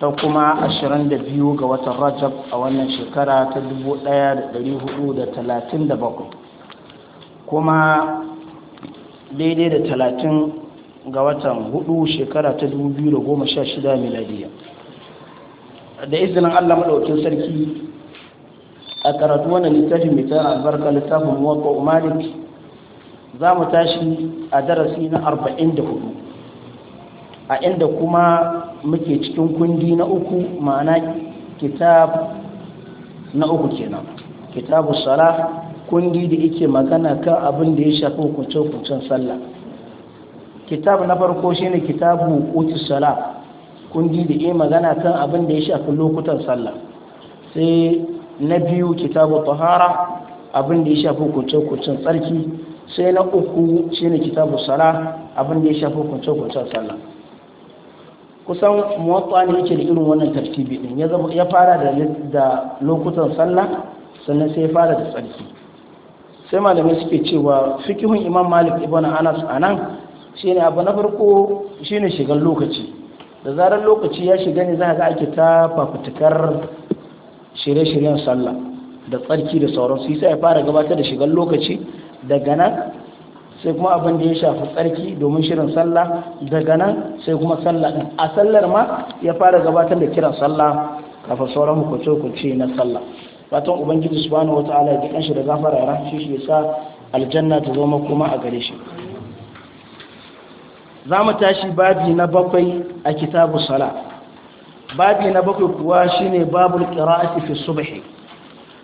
ta kuma 22 ga watan rajab a wannan shekara ta 1437 kuma daidai da 30 ga watan 4 shekara ta 2016 miladiya da izinin allah maɗauki sarki a karatu wannan littafin mai tara albarka littafin muwaƙa umarik za mu tashi a darasi na 44 a inda kuma muke cikin kundi na uku ma'ana kitab na uku kenan kitabu sala kundi da yake magana kan abin da ya shafi hukunce sallah kitab na farko shine kitabu uti sala kundi da yake magana kan abin da ya shafi lokutan sallah sai na biyu kitabu tahara abin da ya shafi hukunce tsarki sai na uku shine kitabu sala abin da ya shafi hukunce sallah kusan muwatta ne yake da irin wannan tartibi din ya zama ya fara da lokutan sallah sannan sai ya fara da tsarki sai malamai suke cewa fikihun imam malik ibn anas anan shine abu na farko shine shigan lokaci da zarar lokaci ya shiga ne za ga ake ta fafutukar shirye-shiryen sallah da tsarki da sauransu sai ya fara gabatar da shigan lokaci daga nan sai kuma abin da ya shafi tsarki domin shirin sallah daga nan sai kuma sallah din a sallar ma ya fara gabatar da kiran sallah kafin sauran hukunce-hukunce na sallah fatan ubangiji subhanahu wataala ya kidan da gafara ran shi shi yasa aljanna ta zama kuma a gare shi zamu tashi babi na bakwai a kitabu sala babi na bakwai kuwa shine babul qira'ati fi subhi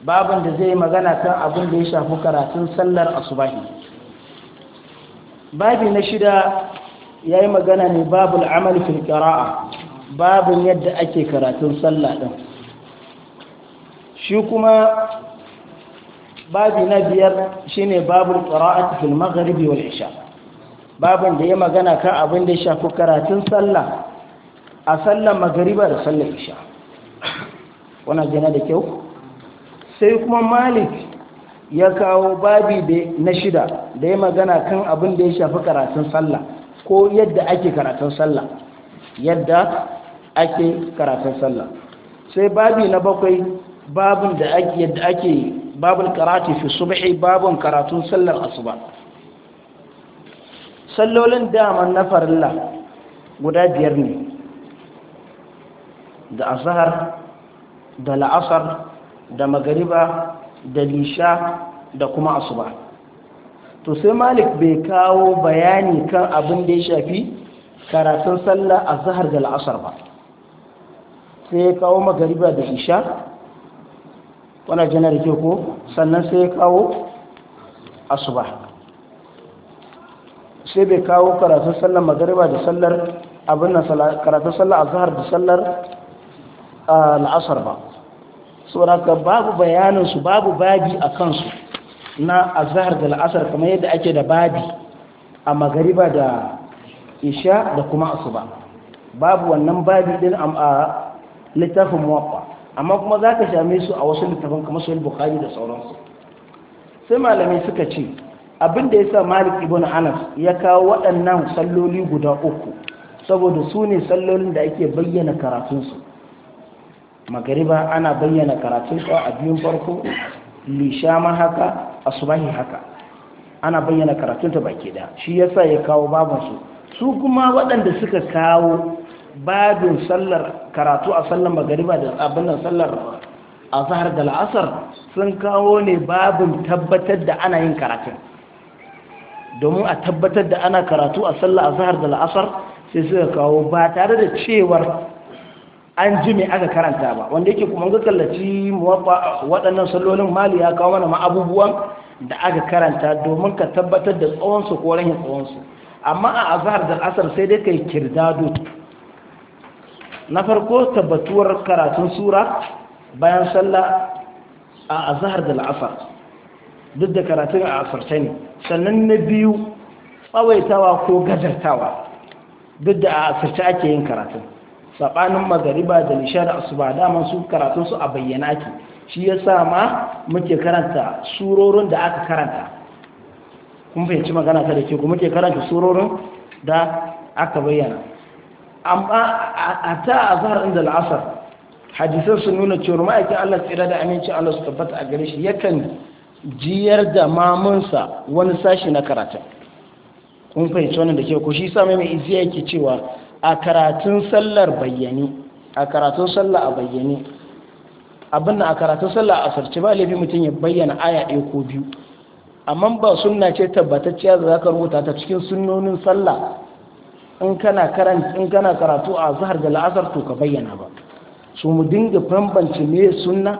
babin da zai magana kan abin da ya shafi karatun sallar asubahi babi na shida ya yi magana ne babu al’amal fil babin yadda ake karatun sallah ɗin shi kuma babi na biyar shi shine babu qira'ati fil magharibi wa isha babin da ya magana ka abin da ya shafi karatun sallah a sallar magharibar da sallar isha Wana jana da kyau sai kuma malik ya kawo babi na shida da ya magana kan abin da ya shafi karatun sallah ko yadda ake karatun sallah yadda ake karatun sallah sai babi na bakwai babin da ake yadda ake babin karatu fi subhi babin karatun sallar asuba sallolin dama na farilla guda biyar ne da azhar da la'asar da magariba da lisha da kuma asuba to sai malik bai kawo bayani kan abin da ya shafi karatun sallah a zahar da la'asar ba sai ya kawo magariba da isha wana janar ke ko sannan sai ya kawo asuba sai bai kawo karatun sallah magariba da sallar abin karatun sallah a zahar da sallar ah, la'asar ba suraka babu bayaninsu babu babi a kansu na azhar da al'asar kamar yadda ake da babi a magariba da isha da kuma asuba babu wannan babi din a littafin muwaffa amma kuma za ka same su a wasu littafin kamar su bukari da sauransu sai malamai suka ce abin da ya sa malik ibn anas ya kawo waɗannan salloli guda uku saboda su ne sallolin da ake bayyana karatunsu magariba ana bayyana karatun su a biyun farko lishama haka asubahi haka ana bayyana karatun ta baki da shi yasa ya kawo babun su su kuma waɗanda suka kawo babin sallar karatu a sallar magariba da abin nan sallar zahar da la'asar, sun kawo ne babin tabbatar da ana yin karatun domin a tabbatar da ana karatu a sallar azhar da la'asar, sai suka kawo ba tare da cewar an ji mai aka karanta ba wanda yake kuma ga kallaci waɗannan sallolin mali ya kawo mana abubuwan da aka karanta domin ka tabbatar da tsawonsu ko rahin tsawonsu amma a azhar da asar sai dai kai kirdadu na farko tabbatuwar karatun sura bayan sallah a azhar da asar duk da karatun a asar ta ne sannan na biyu tsawaitawa ko gazartawa duk da a asar ake yin karatun sabanin magariba da nisha da asuba daman su karatun su a bayyana ake shi yasa ma muke karanta surorin da aka karanta kun fahimci magana ta da ke kuma muke karanta surorin da aka bayyana amma a ta azhar inda al'asar hadisan sun nuna cewar ma'aikin Allah tsira da aminci Allah su tabbata a gare shi yakan jiyar da mamunsa wani sashi na karatu kun fahimci wannan da ke ku shi yasa mai mai iziya yake cewa a karatun sallar bayyane a karatun sallar a bayyane abin a karatun sallar a sarci ba laifi mutum ya bayyana aya ɗaya ko biyu amma ba sunna ce tabbatacciya da za ka rubuta ta cikin sunnonin sallah in kana karatu a zahar da la'asar to ka bayyana ba su mu dinga bambance me sunna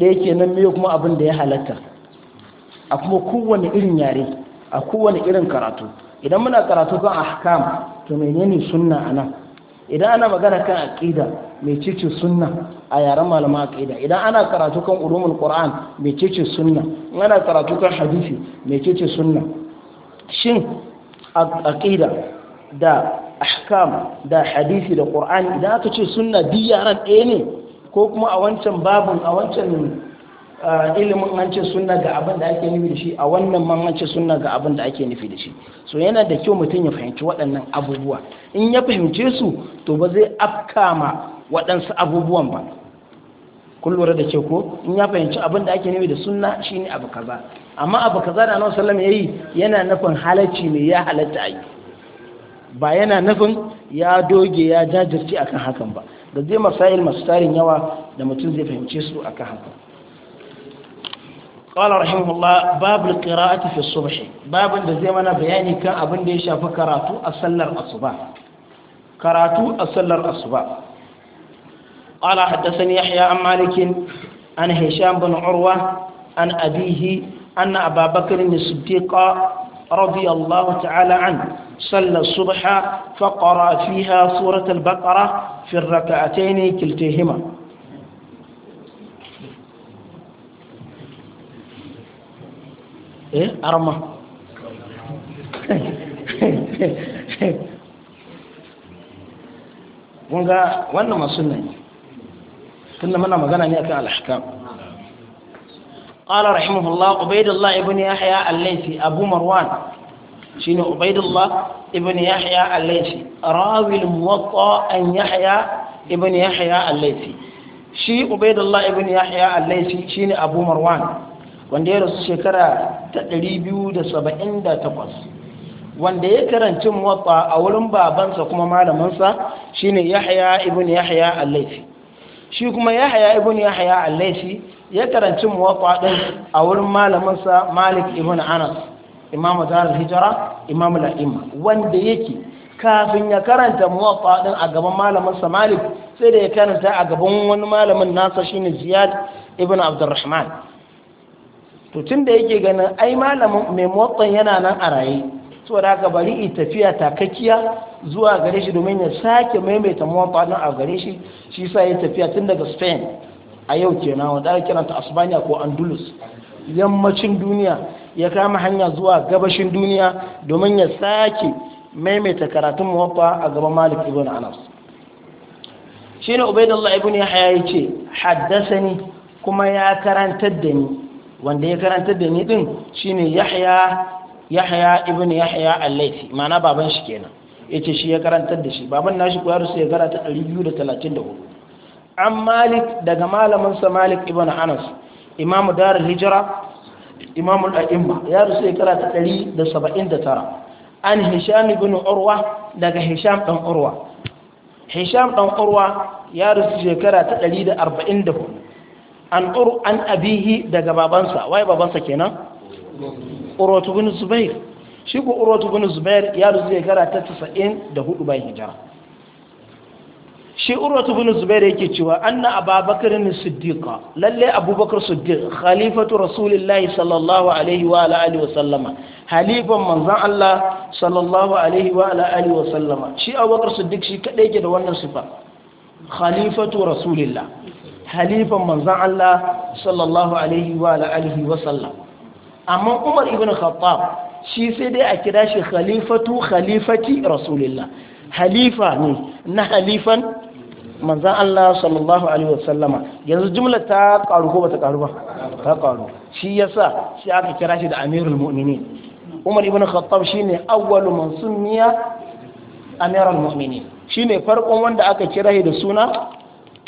ɗaya nan me kuma abin da ya halatta a kuma kowane irin yare a kowane irin karatu idan muna karatu kan ahkam to menene sunna anan idan ana magana kan aqida mecece sunna a yaren malama aqida idan ana karatu kan ulumul qur'an mecece sunna in ana karatu kan hadisi mai mecece sunna shin aqida da ahkam da hadisi da qur'ani idan aka ce sunna duk ɗaya ne ko kuma a wancan babin a wancan ilimin mancin suna sunna ga abin da ake nufi da shi a wannan mancin suna sunna ga abin da ake nufi da shi so yana da kyau mutum ya fahimci waɗannan abubuwa in ya fahimce su to ba zai ma waɗansu abubuwan ba kun da ke ko in ya fahimci abin da ake nufi da sunna ne abu kaza amma abu kaza da annabi salam ya yi yana nufin halacci ne ya halatta ayi ba yana nufin ya doge ya jajirce akan hakan ba da zai masayil masu tarin yawa da mutum zai fahimce su akan hakan قال رحمه الله باب القراءة في الصبح باب da zai mana bayani kan abin da ya shafi karatu a sallar asuba قال حدثني يحيى عن مالك عن هشام بن عروة عن أبيه أن أبا بكر الصديق رضي الله تعالى عنه صلى الصبح فقرأ فيها سورة البقرة في الركعتين كلتيهما eh arma kunga wannan masu suna yi suna mana magana ne akan alhaka ƙwarar rahimahullah ubaidullah ibn yahya allaisi abu marwan shine ubaidullah ibn yahya allaisi rawil muwakko an yahya ibn yahya allaisi shi ubaidullah ibn yahya allaisi shine abu marwan wanda ya rasu shekara ta 278 wanda ya karanci muwatta a wurin babansa kuma malamansa shine yahya ibn yahya al-laifi shi kuma yahya ibn yahya al-laifi ya karanci muwatta din a wurin malamansa malik ibn anas imam zarar hijira imam al-a'imma wanda yake kafin ya karanta muwatta din a gaban malamansa malik sai da ya karanta a gaban wani malamin nasa shine ziyad ibn abdurrahman to tun da yake ganin ai malamin mai motsan yana nan a raye da haka bari i tafiya takakkiya zuwa gare shi domin ya sake maimaita motsa nan a gare shi shi sa ya tafiya tun daga spain a yau kenan wanda ake kiranta asbania ko andalus yammacin duniya ya kama hanya zuwa gabashin duniya domin ya sake maimaita karatun muwaffa a gaban malik ibn anas shine ubaidullah ibn yahya yace haddasani kuma ya karantar da ni wanda ya karanta da ni din shine yahya yahya ibn yahya al-laisi ma'ana baban shi kenan yace shi ya karanta da shi baban nashi ko yaro sai ya karanta 234 an malik daga malamin sa malik ibn anas imamu dar hijra imam al-a'imma yaro sai ya karanta 179 an hisham ibn urwa daga hisham dan urwa hisham dan urwa ya sai ya karanta 144 an uru an abihi daga babansa waye babansa kenan urwatu bin zubair shi ko urwatu bin zubair ya ruzu shekara ta 94 bayan hijira shi urwatu bin zubair yake cewa anna Abubakar bin siddiq lalle abubakar siddiq khalifatu rasulillahi sallallahu alaihi wa ala alihi wa sallama halifan manzon Allah sallallahu alaihi wa ala alihi wa sallama shi abubakar siddiq shi kadai yake da wannan sifa khalifatu rasulillah halifan manzan Allah sallallahu alaihi wa alihi wa sallam amma Umar ibn Khattab shi sai dai a kira shi khalifatu khalifati rasulillah halifa ne na halifan manzan Allah sallallahu alaihi wa sallama yanzu jumla ta karu ko bata karu ba ta karu shi yasa shi aka kira shi da amirul mu'minin Umar ibn Khattab shine awwalu man summiya amirul mu'minin shine farkon wanda aka kira shi da suna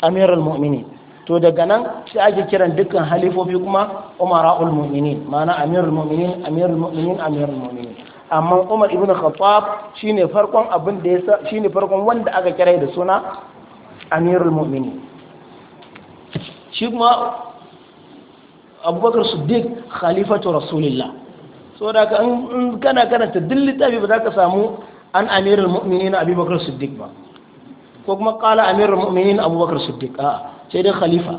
amirul mu'minin to daga nan sai ake kiran dukkan halifofi kuma umara ulmuminin mana amirul muminin amirul muminin amirul muminin amma umar ibn khattab shine farkon abin da yasa shine farkon wanda aka kira da suna amirul muminin shi kuma abubakar siddiq khalifatu rasulillah so ka in kana ta dillita bi ba za ka samu an amirul muminin abubakar siddiq ba ko kuma kala amir mu'minin abubakar siddiq a'a sai dai khalifa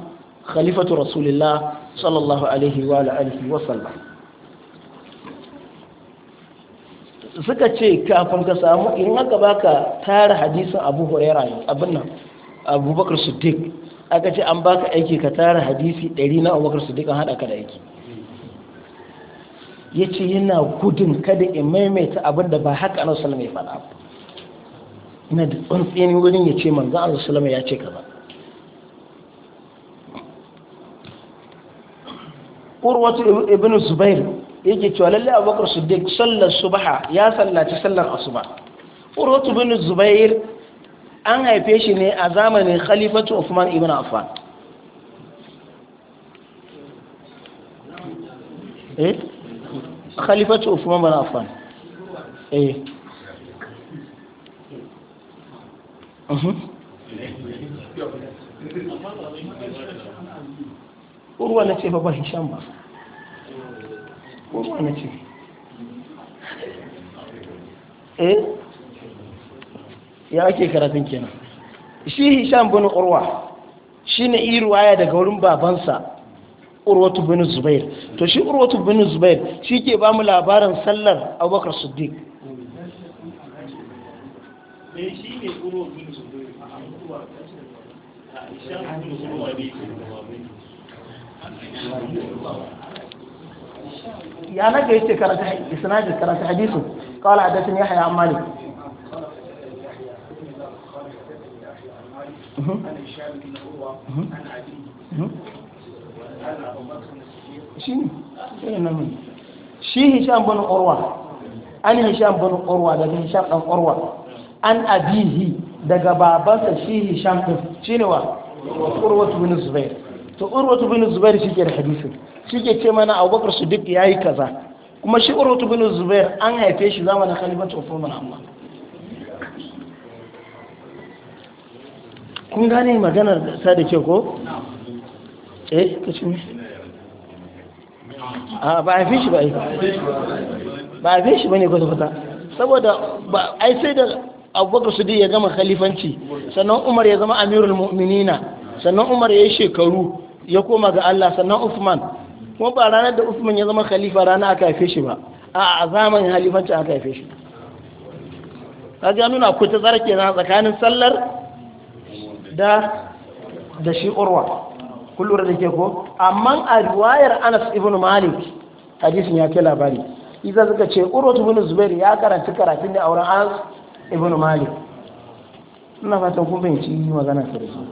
khalifatu rasulillah sallallahu alaihi wa alihi wa sallam suka ce kafin ka samu in aka baka tara hadisin Abu Huraira abin nan Abubakar Siddiq aka ce an baka aiki ka tara hadisi 100 na Abubakar Siddiq an hada ka da aiki yace yana gudun kada in maimaita abin da ba haka Annabi sallallahu alaihi wa sallam ya faɗa ina da tsantseni wurin ya ce manzan Allah salama ya ce ba urwatu ibn zubair yake cewa lalle su siddiq sallar subha ya sallaci sallar asuba urwatu ibn zubair an haife shi ne a zamanin khalifatu Uthman ibn Affan eh khalifatu Uthman ibn Affan eh urwa na ce babban hisham ba urwa na ce eh ya ake karatun kenan shi hisham bin urwa shi ne yi ruwaya daga wurin babansa urwatu bin zubair to shi urwatu bin zubair shi ke ba mu labarin sallar abubakar siddiq shi ne urwatu يا نجا يتكرر إسناد الكرر حديثه قال حدثني يحيى عن مالك shi hisham bin urwa an hisham bin urwa daga hisham dan urwa an abihi daga babansa shi hisham din urwatu bin zubair to urwatu bin zubair shi ke da hadisin shi ke ce mana abubakar siddiq ya yi kaza kuma shi urwatu bin zubair an haife shi zamanin khalifatul umar amma kun gane maganar sa da ke ko eh a ba a fi shi ba ba a fi shi kwata kwata saboda ba sai da abubakar su ya gama khalifanci sannan umar ya zama amirul mu'minina sannan umar ya yi shekaru ya koma ga allah sannan usman kuma ba ranar da usman ya zama khalifa rana aka haife shi ba a zamanin khalifanci aka haife shi ta ja nuna ku ta tsarki na tsakanin sallar da da shi urwa kullum da ke ko amma a riwayar anas ibn malik hadisin ya ke labari iza suka ce urwa ibn zubair ya karanci karatun ne a wurin anas ibn malik ina fatan kun fahimci magana ta da shi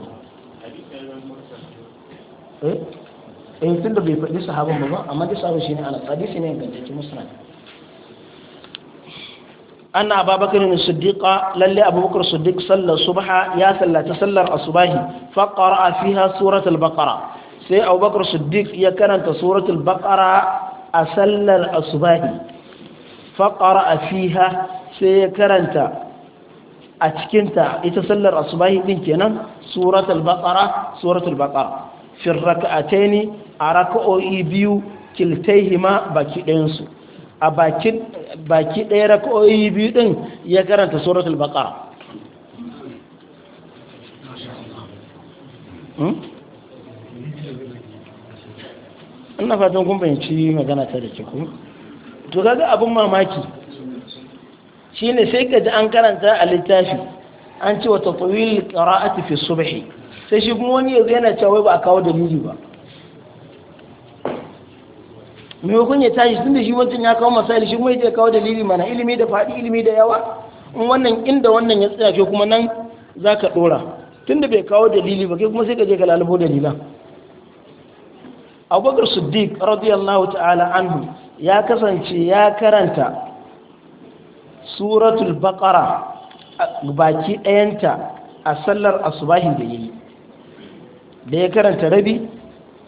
eh eh tun da bai faɗi sahaban ba amma da sahaban shine ana hadisi ne ingantacce musnad أن أبا بكر الصديق للي أبو بكر الصديق صلى الصبح يا صلى تسلى الصباح فقرأ فيها سورة البقرة سي أبو بكر الصديق يكرنت سورة البقرة أسلى الصباح فقرأ فيها سي كرنت a cikinta ita sallar asubahi din kenan suratul baqara suratul baqara fi rak'ataini a rak'o'i biyu kiltaihima baki ɗayan su a baki baki ɗaya rak'o'i biyu din ya karanta suratul baqara hmm? ina fatan kun bayanci magana ta da ke ku to kaga abin mamaki Shi ne sai ka ji an karanta a littafi an ce wa tatawil qira'ati fi subhi sai shi kuma wani yanzu yana cewa ba a kawo dalili ba maimakon ya tashi tun da shi wancan ya kawo masali shi kuma ya kawo dalili mana ilimi da faɗi ilimi da yawa in wannan inda wannan ya tsaya ke kuma nan za ka ɗora tun da bai kawo dalili ba kai kuma sai ka je ka lalubo dalila abubakar siddiq radiyallahu ta'ala anhu ya kasance ya karanta suratul baqara baki ɗayanta a sallar asubahin da yi, da ya karanta rabi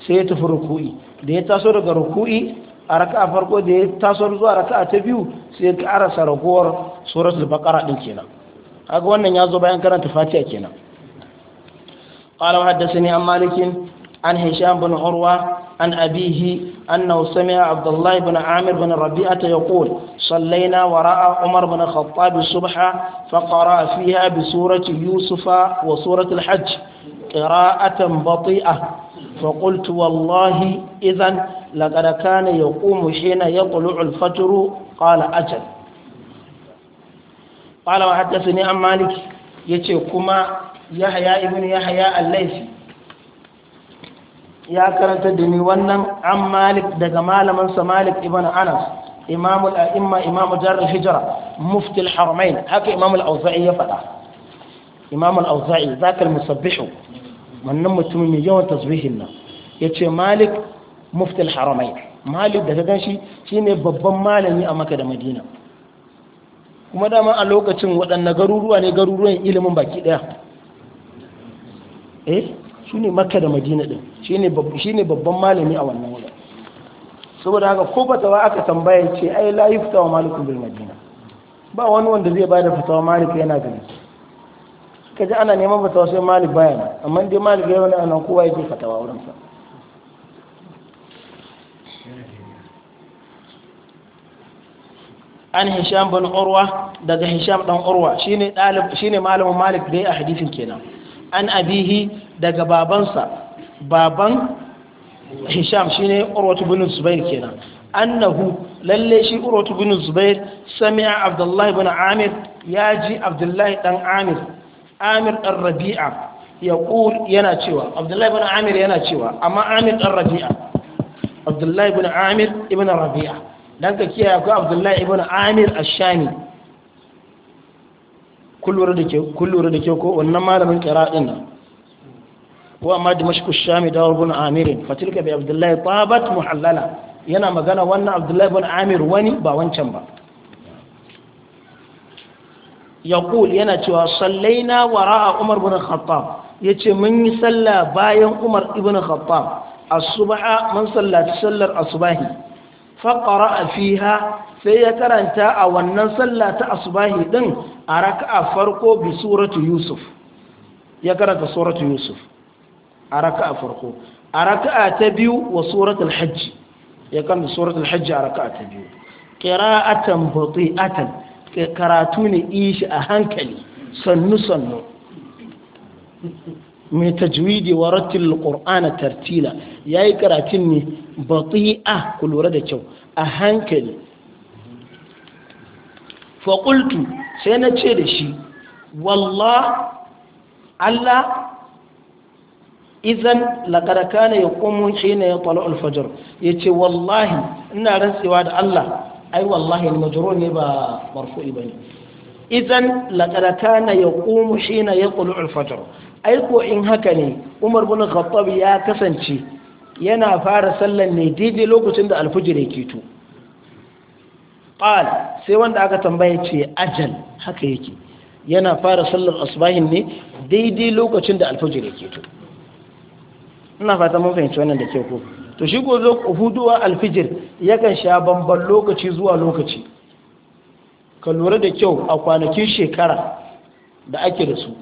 sai ya tafi ruku'i da ya taso daga ruku'i a a farko da ya taso zuwa raka'a ta biyu sai ya karasa ragowar suratul baqara din kenan haka wannan ya zo bayan karanta fatiha kenan قال an عن an an bin بن an عن an أنه sami'a Abdullahi bin Amir bin بن ربيعة صلينا وراء عمر بن الخطاب الصبح فقرأ فيها بسورة يوسف وسورة الحج قراءة بطيئة فقلت والله إذا لقد كان يقوم حين يطلع الفجر قال أجل قال وحدثني عن مالك يتي كما يحيى ابن يحيى الليثي يا كرنت دني ونن عن مالك دغ مالمن مالك ابن انس imamul a'imma imamu jarar hijira muftil haramain haka imamul auza'i ya faɗa imamul auza'i zakar musabbihu wannan mutum mai yawan tasbihin nan ya ce malik muftil haramain malik da ta gan shi shine babban malami a maka da madina kuma dama a lokacin waɗanne garuruwa ne garuruwan ilimin baki ɗaya eh shi ne da madina ɗin shi ne babban malami a wannan wurin saboda haka ko fatawa aka tambaya ce ai la yi wa malikun bil madina ba wani wanda zai bada fatawa malik yana gari suka ji ana neman fata sai malik baya amma dai malik yana nan nan kowa yake fatawa wurin sa an hisham bin urwa daga hisham dan urwa shine dalib shine malamin malik dai a hadisin kenan an abihi daga babansa baban hisham shi ne urwatu bin zubair kenan annahu lalle shi urwatu bin zubair sami'a abdullahi bin amir ya ji abdullahi dan amir amir dan rabi'a ya yana cewa abdullahi bin amir yana cewa amma amir dan rabi'a abdullahi bin amir ibn rabi'a dan ka kiyaye ko abdullahi ibn amir ash-shami kullura da ke ko wannan malamin qira'in nan وما دمشق الشام دار بن عامر فتلك بعبد الله طابت محللة ينا مغانا وانا عبد الله بن عامر واني با وانشان با يقول ينا توا صلينا وراء عمر بن الخطاب يتي من يصلى باين عمر بن الخطاب الصبح من صلى تصلى الصباح فقرأ فيها sai ya karanta a wannan sallah ta asubahi din a raka'a farko bi suratu yusuf ya karanta suratu yusuf a raka'a farko a raka'a ta biyu wa suratul hajji ya suratul hajji a raka'a ta biyu qira'atan bati'atan karatu ne ishi a hankali sannu sannu mai tajwidi wa rattil qur'ana tartila yayi karatun ne bati'a ku lura da kyau a hankali fa qultu sai na ce da shi wallah Allah idan laqad shi yaqumu ya yatlu alfajar. Ya yace wallahi ina rantsewa da Allah ai wallahi ni majrur ne ba marfu'i bane ne laqad kana yaqumu hina yatlu al-fajr ai ko in haka ne Umar bin Khattab ya kasance yana fara sallan ne daidai lokacin da alfujir yake to qal sai wanda aka tambaye ce ajal haka yake yana fara sallar asbahin ne daidai lokacin da alfujir yake to ina fata mun fahimci wannan da ke ko to shi ko huduwa alfijir yakan sha bamban lokaci zuwa lokaci ka lura da kyau a kwanakin shekara da ake da su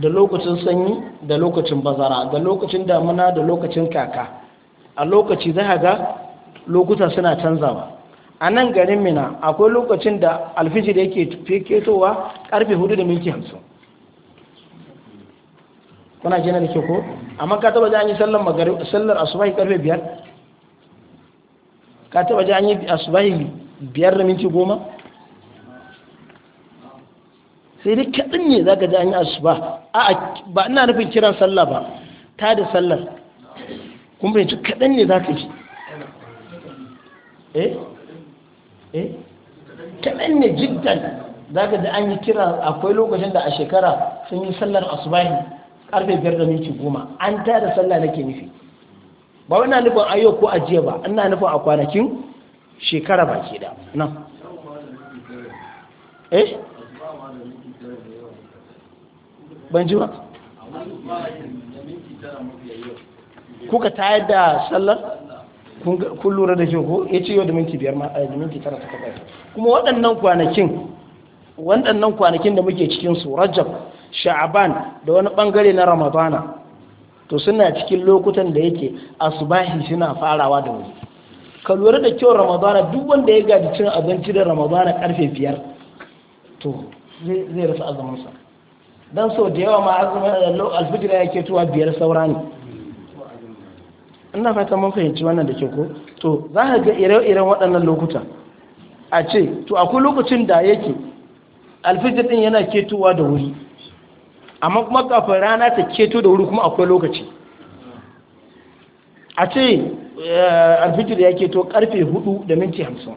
da lokacin sanyi da lokacin bazara da lokacin damuna da lokacin kaka a lokaci za ga lokuta suna canzawa a nan garin mina akwai lokacin da alfijir yake fetowa karfe hudu da minti hamsin kuna jina da ke ko amma ka taba ji an yi sallar magari sallar asubahi karfe biyar ka taba ji an yi asubahi biyar da minti goma sai dai kaɗan ne za ka ji an yi asuba a ba ina nufin kiran sallah ba ta da sallar kun fahimci kaɗan ne za ka ji eh eh kaɗan ne jiddan za ka da an yi kira akwai lokacin da a shekara sun yi sallar asubahi karfe biyar da minti goma an ta da sallah nake nufi ba wannan nufin ayo ko ajiya ba ina nufin a kwanakin shekara ba ke da nan eh ban ji ba kuka tayar da sallar kun lura da shekaru ya ce yau da minti biyar ma eh, da minti tara ta kafa kuma waɗannan kwanakin waɗannan kwanakin da muke cikin su rajab sha'aban da wani bangare na ramadana to suna cikin lokutan da yake asubahi suna farawa da wuri ka lura da kyau ramadana duk wanda ya gaji cin abinci da ramadana karfe biyar to zai rasa azuminsa don sau da yawa ma azumin alfijira yake tuwa biyar saura ne ina fata mun fahimci wannan da ke ko to za ka ga ire-iren waɗannan lokuta a ce to akwai lokacin da yake alfijir din yana ketowa da wuri amma kuma kafin rana ta keto da wuri kuma akwai lokaci a ce eh, alfitur ya keto karfe 4 da minti 50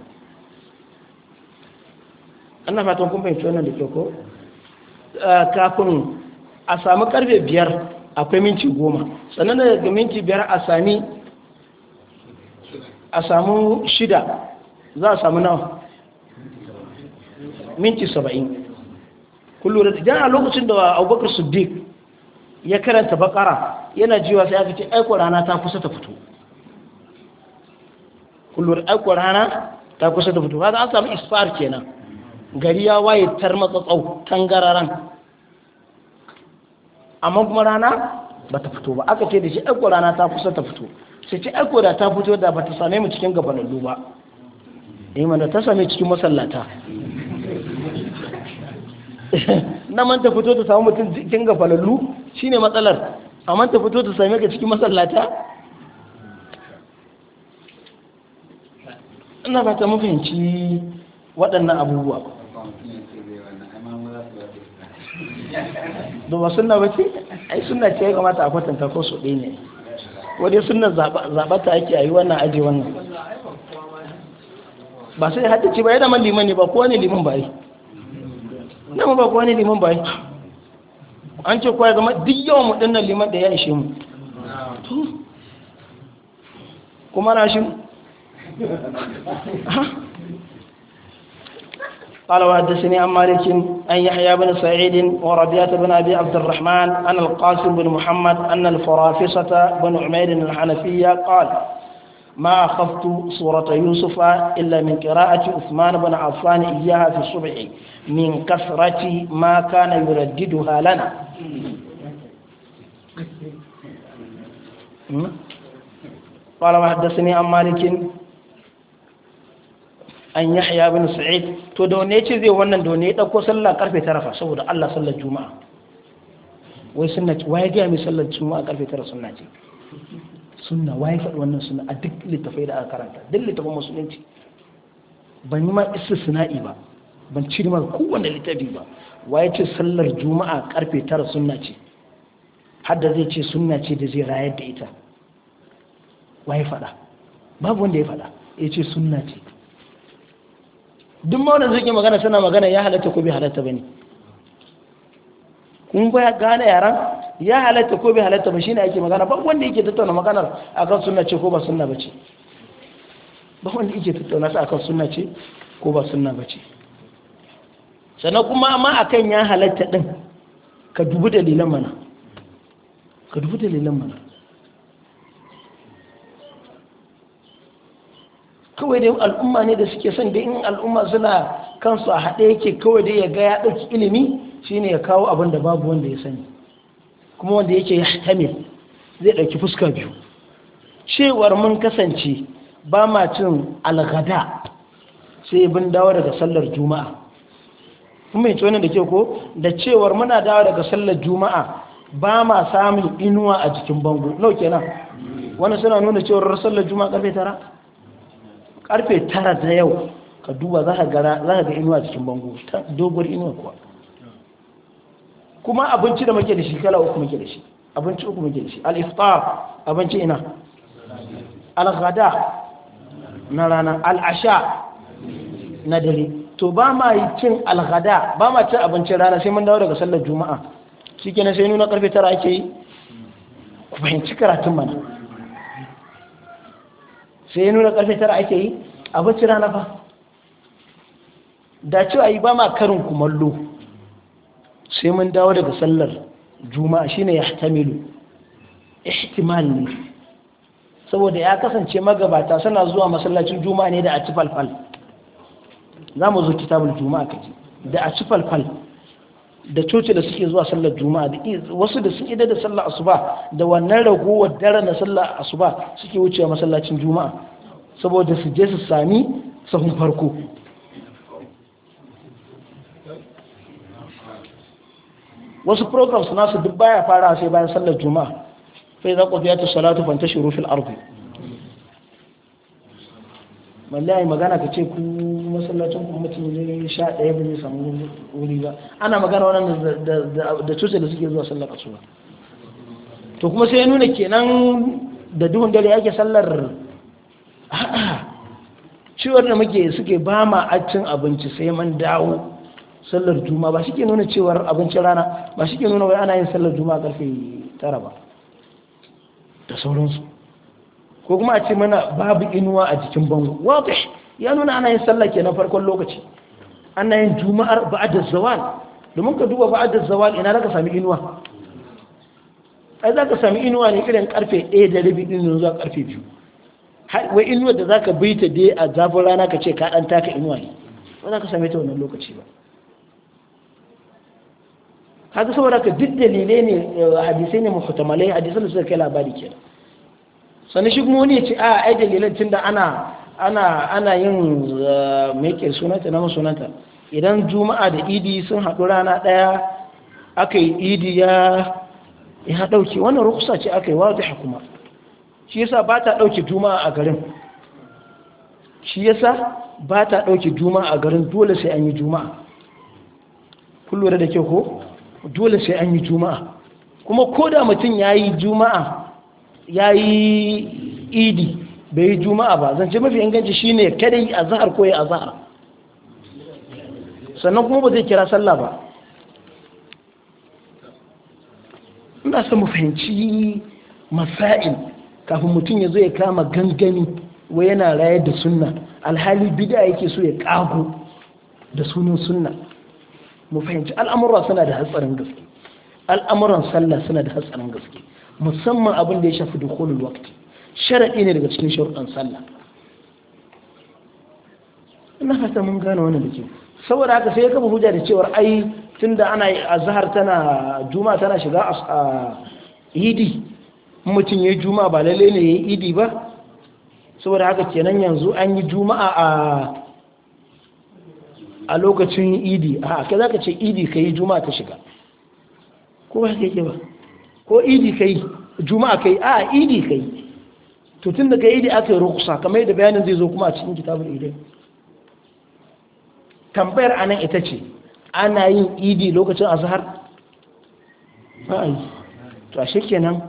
ana fatan kuma fahimci wannan da ke ko eh, kafin a sami karfe 5 akwai minti 10 sannan daga minti 5 a sami a samu shida za a sami nawa minti 70 kullum da idan a lokacin da abubakar siddiq ya karanta bakara yana jiwa sai aka ce aiko rana ta kusa ta fito kullum aiko rana ta kusa ta fito haka an samu isfar kenan gari ya waye tar matsatsau tangararan amma kuma rana ba ta fito ba aka ce da shi aiko rana ta kusa ta fito sai ce aiko da ta fito da ba ta same mu cikin gabanin ba eh mana ta same cikin masallata na manta fito ta samu mutum cikin ga falallu shine matsalar a manta fito ta same ka cikin masallata ina ba ta mafinci waɗannan abubuwa ba suna ba ce ai suna ce ya kamata a kwatanta ko su ɗaya ne wadda suna zaɓata ake a yi wannan aji wannan ba sai ce ba ya man liman ne ba kowane liman ba yi na ba ne liman an ce ya duk yawan liman da ya ishe mu kuma na shi قال وحدثني عن مالك أن يحيى بن سعيد وربيعة بن أبي عبد الرحمن أن القاسم بن محمد أن الفرافصة بن عمير الحنفية قال ما أخذت سورة يوسف إلا من قراءة عثمان بن عفان إياها في الصبح من كثرة ما كان يرددها لنا قال وحدثني عن مالك an yahya bin to da zai wannan ya dauko sallah karfe 9 fa saboda Allah sunna waye faɗi wannan suna a duk littafai da aka karanta duk littafin musulunci ban yi ma istisna'i ba ban cire ma kowane littafi ba waye ce sallar juma'a karfe tara sunna ce har da zai ce sunna ce da zai rayar da ita waye faɗa babu wanda ya faɗa ya ce sunna ce duk ma wanda zai magana suna magana ya halatta ko bai halatta ba ne kun ba gane yaran ya halatta ko bai halatta ba shine ake magana ba wanda yake tattauna maganar akan sunna ce ko ba sunna bace ba wanda yake tattauna ta akan sunna ce ko ba sunna bace sannan kuma ma akan ya halatta din ka dubi dalilan mana ka dubi dalilan mana kawai dai al'umma ne da suke son da in al'umma suna kansu a haɗe yake kawai dai ya ga ya ɗauki ilimi shine ya kawo abin da babu wanda ya sani kuma wanda yake ya tamil zai ɗauki fuska biyu cewar mun kasance ba ma cin algada sai bin dawo daga sallar juma'a kuma yace wannan da ke ko da cewar muna dawo daga sallar juma'a ba ma samun inuwa a jikin bango nau kenan wani suna nuna cewar sallar juma'a karfe tara karfe tara da yau ka duba za ka gara, za ka ga inuwa a jikin bango doguwar inuwa kuwa kuma abinci da muke da shi kala uku muke da shi abinci uku muke da shi al-iftar abinci ina al-ghada na rana al-asha na dare to ba ma yi cin al-ghada ba ma cin abincin rana sai mun dawo daga sallar juma'a shikenan sai nuna karfe tara ake yi ku fahimci karatun mana sai nuna karfe tara ake yi abincin rana fa da cewa yi ba ma karin kumallo sai mun dawo daga sallar juma'a shine tamilu ihtimal ne saboda ya kasance magabata suna zuwa masallacin juma'a ne da a cifalfal za mu zo kitabul juma'a kaji da a da coci da suke zuwa sallar juma'a da wasu da sun da sallar asuba da wannan ragowar dare na sallar asuba suke wucewa masallacin juma'a saboda su je su sami sahun farko wasu programs nasu duk baya fara sai bayan sallar juma'a fa idza qudiyat as-salatu fantashiru fil ardi wallahi magana ka ce ku masallacin ku mutum ne sha ɗaya ba zai samu wuri ba ana magana wannan da cutar da suke zuwa sallar asuba to kuma sai ya nuna kenan da duhun dare yake sallar ciwon da muke suke ba ma cin abinci sai man dawo sallar juma ba shi ke nuna cewar abincin rana ba shi ke nuna wai ana yin sallar juma karfe tara ba da sauransu ko kuma a ce mana babu inuwa a jikin bango wata ya nuna ana yin sallar ke na farkon lokaci ana yin juma'ar ba da zawal domin ka duba ba da zawal ina za ka sami inuwa ai za ka sami inuwa ne irin karfe ɗaya da rabi ɗin zuwa karfe biyu wai inuwa da za ka bi ta dai a zafin rana ka ce ka ɗan taka inuwa ne ba za ka same ta wannan lokaci ba kaga saboda ka duk dalilai ne eh, hadisai ne muhtamalai hadisan da suka kai labari ke sannan shi kuma wani ya ce a ai dalilan da ana ana ana yin eh, ke sunanta na sunanta idan juma'a da idi sun haɗu rana ɗaya aka yi idi ya ya haɗauki wannan rukusa ce aka yi ta hukuma shi yasa ba ta ɗauki juma'a a garin shi yasa ba ta ɗauki juma'a a garin dole sai an yi juma'a kullum da ke ko dole sai an yi juma'a kuma ko da mutum ya yi juma'a ya yi idi bai yi juma'a ba zance mafi inganci shi shine kada yi azahar ko ya azahar sannan kuma ba zai kira sallah ba ina son mu fahimci masa'il kafin mutum ya zo ya kama gangani wa yana raye da sunna alhali bida yake so ya kago da sunan sunna mu fahimci al'amuran suna da hatsarin gaske al'amuran sallah suna da hatsarin gaske musamman abin da ya shafi dukkanin wakti, sharaɗi ne daga cikin sharuɗan sallah ina fata mun gane wannan da ke saboda haka sai ya kama hujja da cewar ai tunda ana a zahar tana juma tana shiga a idi mutum ya juma ba lalle ne ya yi idi ba saboda haka kenan yanzu an yi juma'a a a lokacin idi a haka za ka ce idi ka yi juma'a ta shiga ko ba ka yi ba ko idi ka yi juma'a ka yi a idi ka yi to tun da ka idi aka yi rukusa kamar yadda bayanin zai zo kuma a cikin kitabun idai tambayar anan ita ce ana yin idi lokacin azahar ba a yi to ke nan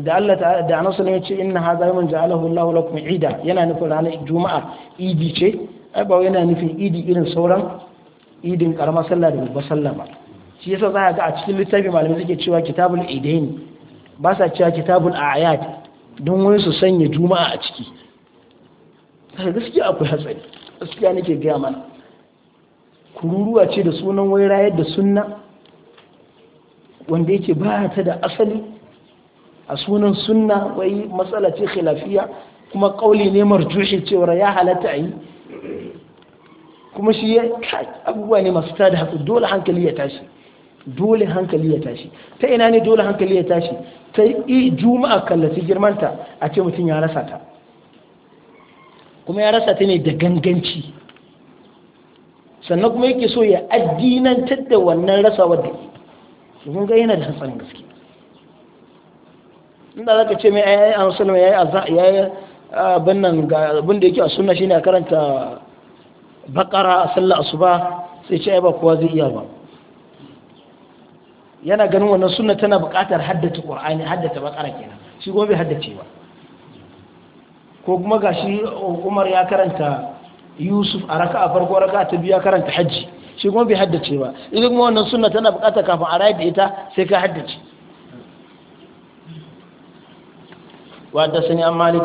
da Allah ta da anasu ne ya ce inna zai yawmun ja'alahu Allahu lakum ida yana nufin ranar juma'a idi ce ai ba yana nufin idi irin sauran idin karamar sallah da babbar sallah ba shi yasa za a ga a cikin littafin malamai suke cewa kitabul idain ba sa cewa kitabul ayat don wani su sanya juma'a a ciki sai gaskiya akwai hatsari gaskiya nake gaya mana kururuwa ce da sunan wai rayar da sunna wanda yake ba ta da asali a sunan sunna wai matsala ce khilafiya kuma kauli ne marjushi cewa ya halatta a yi kuma shi ya abubuwa ne masu tada hankali dole hankali ya tashi dole hankali ya tashi ta ina ne dole hankali ya tashi ta yi juma'a kallaci girmanta a ce mutum ya rasa ta kuma ya rasa ta ne da ganganci sannan kuma yake so ya addinantar da wannan rasawar da su kun ga yana da hatsarin gaske inda za ka ce mai ayayi a musulman ya yi abin nan ga abin da yake a suna shi ne a karanta bakara a sallar asuba sai ce ba kuwa zai iya ba yana ganin wannan suna tana buƙatar haddata qur'ani haddata bakara kenan shi gobe haddace ba ko kuma shi Umar ya karanta Yusuf a a farko raka ta biya karanta hajji shi gobe bai haddace ba idan kuma wannan suna tana buƙatar kafin a rayar da ita sai ka haddace وحدثني an مالك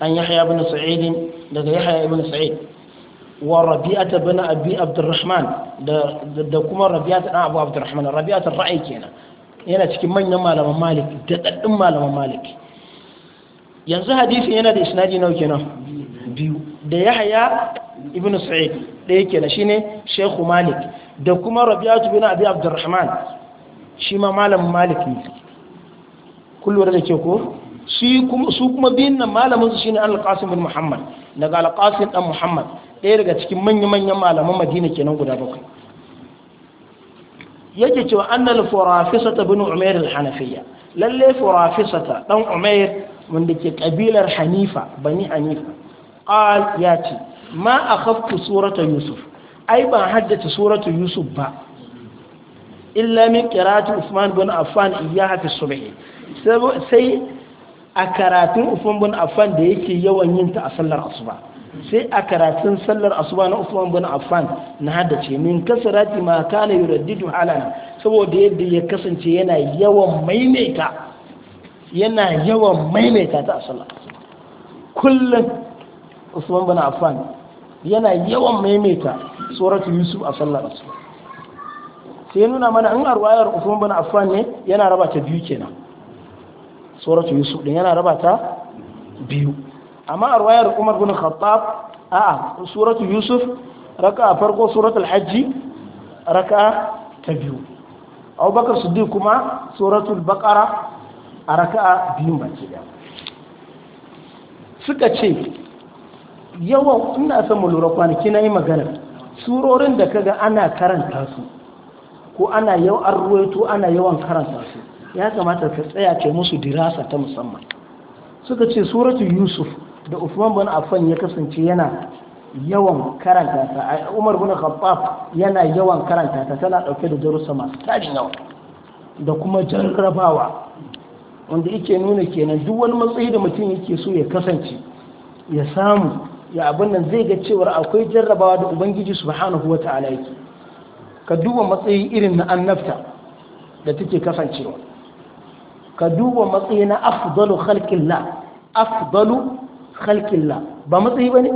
an يحيى بن سعيد daga يحيى بن سعيد wa rabi'ata bin abi abdurrahman da da kuma rabi'ata dan abu abdurrahman rabi'ata ra'i kenan yana cikin manyan malaman malik da daddin malaman malik yanzu hadisi yana da isnadi nawa kenan biyu da yahya ibnu sa'id ɗaya kenan shine shaykhu malik da kuma rabi'atu bin abi abdurrahman shi ma malamin malik ne kullu da ke ko shi kuma su kuma bin nan malamin su shine al-qasim bin muhammad daga alƙasin ɗan muhammad ɗaya daga cikin manya-manyan malaman madina kenan guda bakwai yake cewa annal furafisata bin umair al-hanafiyya lalle furafisata ɗan umair wanda ke ƙabilar hanifa bani hanifa ya ce ma a kafku surata yusuf ai ba haddace suratu yusuf ba illa min kiratu usman bin affan iya hafi sai a karatun Usman bin Affan da yake yawan yin ta a sallar asuba sai a karatun sallar asuba na Usman bin Affan na hada ce min kasarati ma kana yuraddidu halana saboda yadda ya kasance yana yawan maimaita yana yawan maimaita ta a sallar kullum Usman bin Affan yana yawan maimaita suratul Yusuf a sallar asuba sai nuna mana in arwayar Usman bin Affan ne yana raba ta biyu kenan suratul yusuf din yana raba ta biyu amma a ruwayar umar bin khattab a suratul yusuf raka farko suratul hajji raka ta biyu abubakar di kuma suratul bakara a raka biyun baki daya suka ce yawan ina son mu lura kwanaki na yi magana surorin da kaga ana karanta su ko ana ana yawan karanta su ya kamata ka tsaya kai musu dirasa ta musamman suka ce suratu yusuf da Usman bin Affan ya kasance yana yawan karanta ta Umar bin Khattab yana yawan karanta ta tana dauke da darussa masu tarin yawa da kuma jarrabawa wanda yake nuna kenan duk wani matsayi da mutum yake so ya kasance ya samu ya abin nan zai ga cewar akwai jarrabawa da ubangiji subhanahu wata'ala yake ka duba matsayi irin na annabta da take kasancewa ka duba matsayi na afdalu khalqillah afdalu khalqillah ba matsayi bane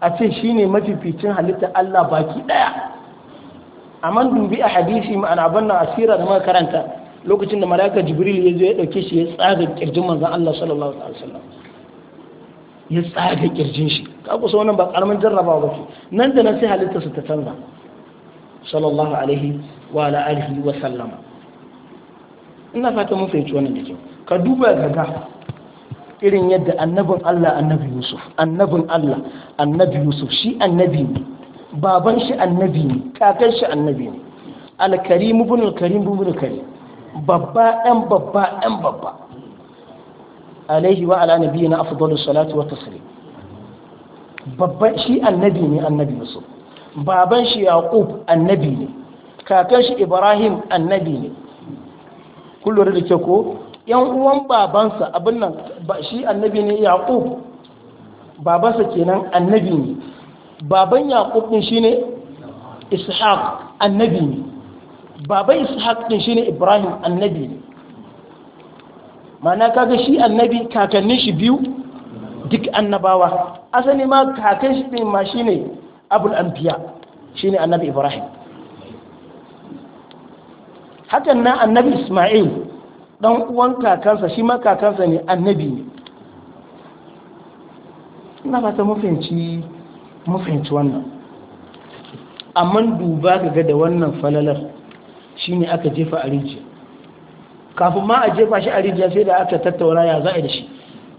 a ce shine mafificin halitta Allah baki daya amma dubi a hadisi ma ana banna asira da muka karanta lokacin da malaika jibril ya zo ya dauke shi ya tsaga kirjin manzon Allah sallallahu alaihi wasallam ya tsaga kirjin shi ka kusa wannan ba karamin ba ke nan da nan sai halittarsa ta canza sallallahu alaihi wa ala alihi wa sallama ina fata mun fahimci wannan da kyau ka duba ga ga irin yadda annabin Allah annabi Yusuf annabin Allah annabi Yusuf shi annabi ne baban shi annabi ne kakan shi annabi ne alkarim ibn alkarim ibn alkarim babba dan babba dan babba alaihi wa ala nabiyina afdalu salatu wa taslim babban shi annabi ne annabi Yusuf baban shi Yaqub annabi ne kakan shi Ibrahim annabi ne kun lura da ke ko yan uwan babansa abin nan shi annabi ne yaqub babansa kenan annabi ne baban yaqub din shine ishaq annabi ne baban ishaq din shine ibrahim annabi ne mana kaga shi annabi kakannin shi biyu duk annabawa asali ma kakan shi din ma shine abul anbiya shine annabi ibrahim hakan na annabi ismail dan uwan kakansa shi ma kakansa ne annabi ne ina fata mafinci mafinci wannan amma duba ga da wannan falalar shine aka jefa a rijiya kafin ma a jefa shi a rijiya sai da aka tattauna ya za'a da shi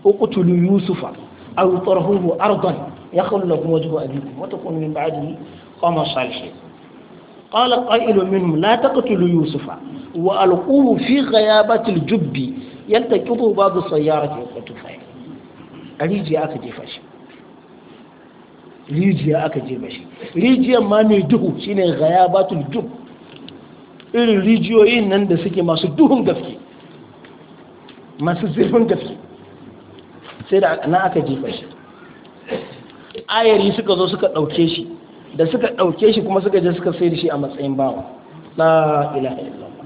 uqtulu yusufa a aw tarhuhu ardan kuma lakum wajhu abikum wa takunu min ba'dihi qama salihin قال قائل منهم لا تقتلوا يوسف وألقوه في غيابة الجب يلتقطه بعض السيارة وقتفاه rijiya aka jefa shi rijiya aka jefa shi rijiyar ma mai duhu shine ghayabatul dub irin rijiyoyin nan da suke masu duhun gaske masu zirfin gaske sai da na aka shi ayari suka zo suka ɗauke shi da suka ɗauke shi kuma suka je suka sai da shi a matsayin bawa na ilaha illallah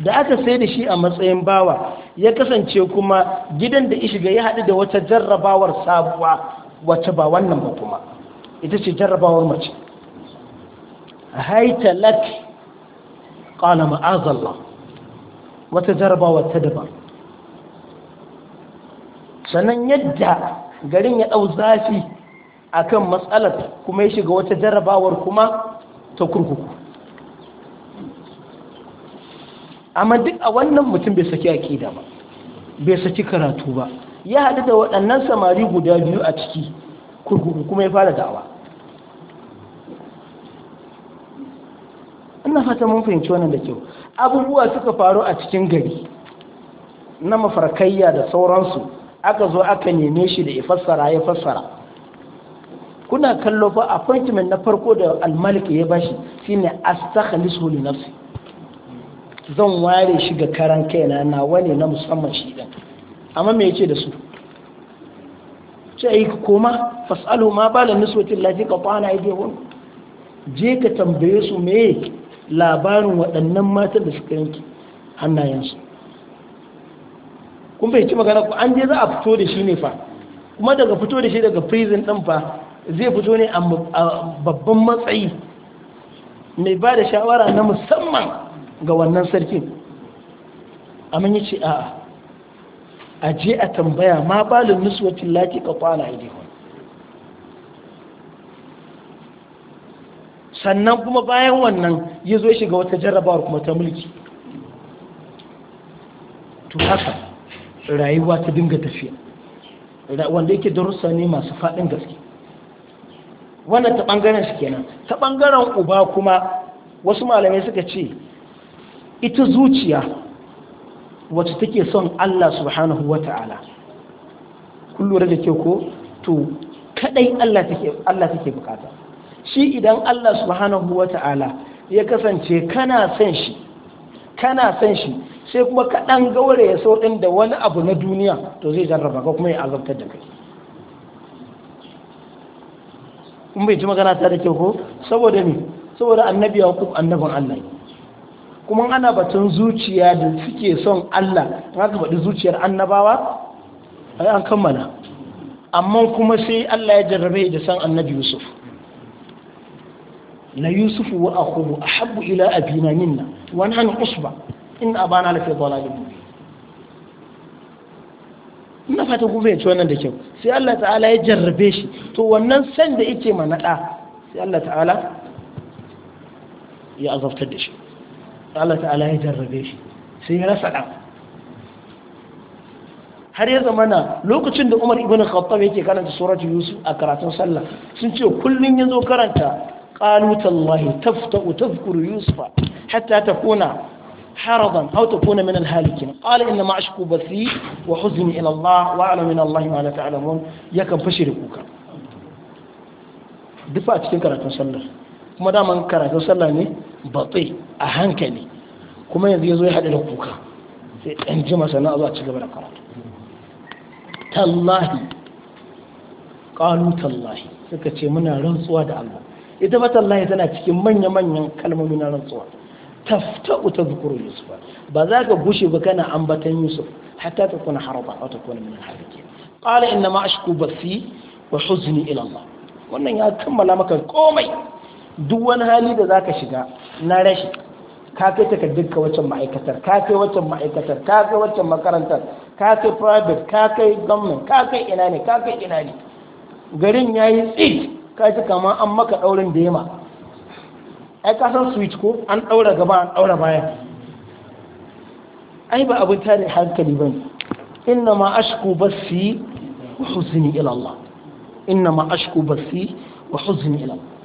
da aka sai da shi a matsayin bawa ya kasance kuma gidan da ishiga ya haɗu da wata jarrabawar sabuwa wata ba wannan ba kuma ita ce jarrabawar mace haita lati ƙana ma'azallah wata jarrabawar ta daban sannan yadda garin ya ɗau zafi a kan matsalar kuma ya shiga wata jarabawar kuma ta kurkuku amma duk a wannan mutum bai saki akida ba bai saki karatu ba ya haɗu da waɗannan samari guda biyu a ciki kurkuku kuma ya fara dawa ina fata mun fahimci wannan da kyau abubuwa suka faru a cikin gari na mafarkayya da sauransu aka zo aka neme shi da ya fassara ya fassara kuna kallo fa appointment na farko da almalik ya bashi shine astakhlisu li nafsi zan ware shi ga karan kaina na wane na musamman shi dan amma me yake da su sai ka koma fasalu ma balan niswatin lati qatana aydihun je ka tambaye su me labarin waɗannan matan da suka yanki hannayensu kun bai ci magana ku an je za a fito da shi ne fa kuma daga fito da shi daga prison din fa zai fito ne a babban matsayi mai ba da shawara na musamman ga wannan sarkin amma ya ce a'a a je a tambaya ma balin nuswatin laki ka kwana idihun sannan kuma bayan wannan ya zo shiga wata jarrabawar kuma ta mulki to haka rayuwa ta dinga tafiya wanda yake darussa ne masu faɗin gaske wannan ta ɓangaren shi kenan ta ɓangaren uba kuma wasu malamai suka ce ita zuciya wacce take son Allah subhanahu wa ta'ala kun da ke ko to kadai Allah take Allah take bukata shi idan Allah subhanahu wa ta'ala ya kasance kana son shi kana son shi sai kuma kaɗan gaure ya sau ɗin da wani abu na duniya to zai jarraba ka kuma ya azabtar da kai kuma bai ji magana ta da kyau ko saboda ne saboda annabi ya hukum annabin Allah kuma ana batun zuciya da suke son Allah ta ka faɗi zuciyar annabawa ai an kammala amma kuma sai Allah ya jarrabe da san annabi Yusuf la Yusuf wa akhuhu ahabbu ila abina minna wa nahnu usba in abana lafi dhalalin mubin ina fata ku fahimci wannan da kyau sai Allah ta'ala ya jarrabe shi to wannan san da yake ma naɗa sai Allah ta'ala ya azabtar da shi Allah ta'ala ya jarrabe shi sai ya rasa dan har ya zamana lokacin da Umar ibn Khattab yake karanta suratul Yusuf a karatun sallah sun ce kullun yazo karanta qalu tallahi tafta'u tadhkuru yusufa hatta takuna haradan aw takuna min halikina, halikin qala inna ma ashku wa huzni ila Allah wa a'lamu min Allah ma fashe da kuka duk a cikin karatun sallah kuma daman karatun sallah ne batsi a hankali kuma yanzu ya zo ya haɗu da kuka sai ɗan jima sannan a a ci gaba da karatu tallahi ƙalu tallahi suka muna rantsuwa da Allah ita ba tallahi tana cikin manya-manyan kalmomi na rantsuwa tafta'u tadhkuru yusuf ba za ka gushe ba kana ambatan yusuf hatta ta kuna harba wa ta kuna min harike qala inna ma ashku basi wa huzni ila allah wannan ya kammala maka komai duk wani hali da zaka shiga na rashi ka kai ka waccan ma'aikatar ka kai waccan ma'aikatar ka kai waccan makarantar ka kai private ka kai gwamnan ka kai ina ne ka kai ina ne garin ya yi tsit ka ji kama an maka ɗaurin da yama ai ka switch ko an daura gaba an daura baya ai ba abin tare hankali bane inna ma ashku basi wa huzni ila Allah inna ma ashku basi wa huzni ila Allah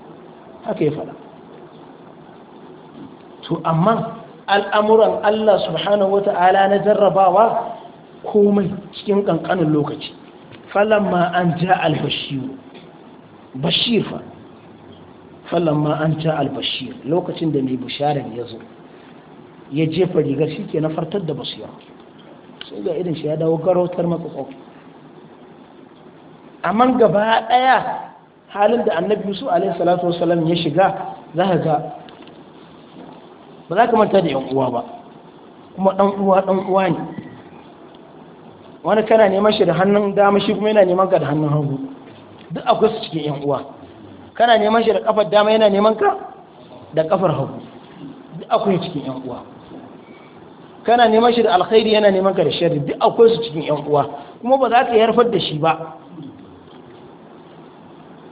haka ya fada to amma al'amuran Allah subhanahu wata'ala na jarrabawa komai cikin kankanin lokaci falamma an ja al-bashir bashir fa ma an ta albashir lokacin da mai bisharar ya zo ya jefa rigar shi ke na fartar da basu yau sai ga irin shi ya dawo garautar matsatsau amma gaba daya halin da annabi yusuf alaihi salatu wasalam ya shiga za ka ga ba za ka manta da yan uwa ba kuma dan uwa dan uwa ne wani kana neman shi da hannun dama shi kuma yana neman ga da hannun hagu duk akwai su cikin yan uwa kana neman shi da kafar dama yana neman ka da kafar hagu duk akwai cikin yan uwa kana neman shi da alkhairi yana neman ka da sharri duk akwai su cikin yan uwa kuma ba za ka yarfar da shi ba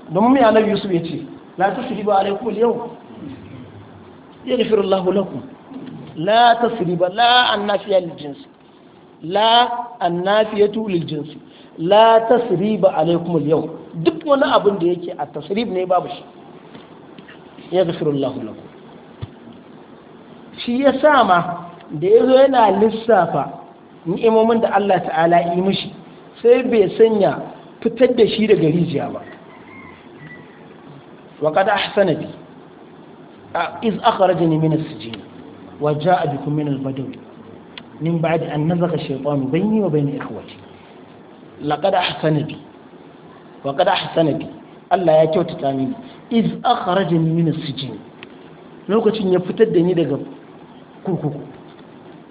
domin mai annabi yusuf ya ce la tasriba alaikum al-yawm yaghfiru Allahu lakum la tasriba la annafiya lil-jins la annafiyatu lil-jins la tasriba alaikum al-yawm duk wani abin da yake a tasirif ne babu shi ya gafirullahu lahu shi ya sa ma da ya zo yana lissafa ni'imomin da Allah ta'ala yi mishi sai bai sanya fitar da shi daga rijiya ba wa kada ahsana bi iz akhrajani min as-sijin wa jaa bikum min al-badawi min ba'di an nazagha shaytanu bayni wa bayna ikhwati laqad ahsana bi wa qad ahsana bi Allah ya kyautata mini iz akhrajani min as-sijn lokacin ya fitar da ni daga kurkuku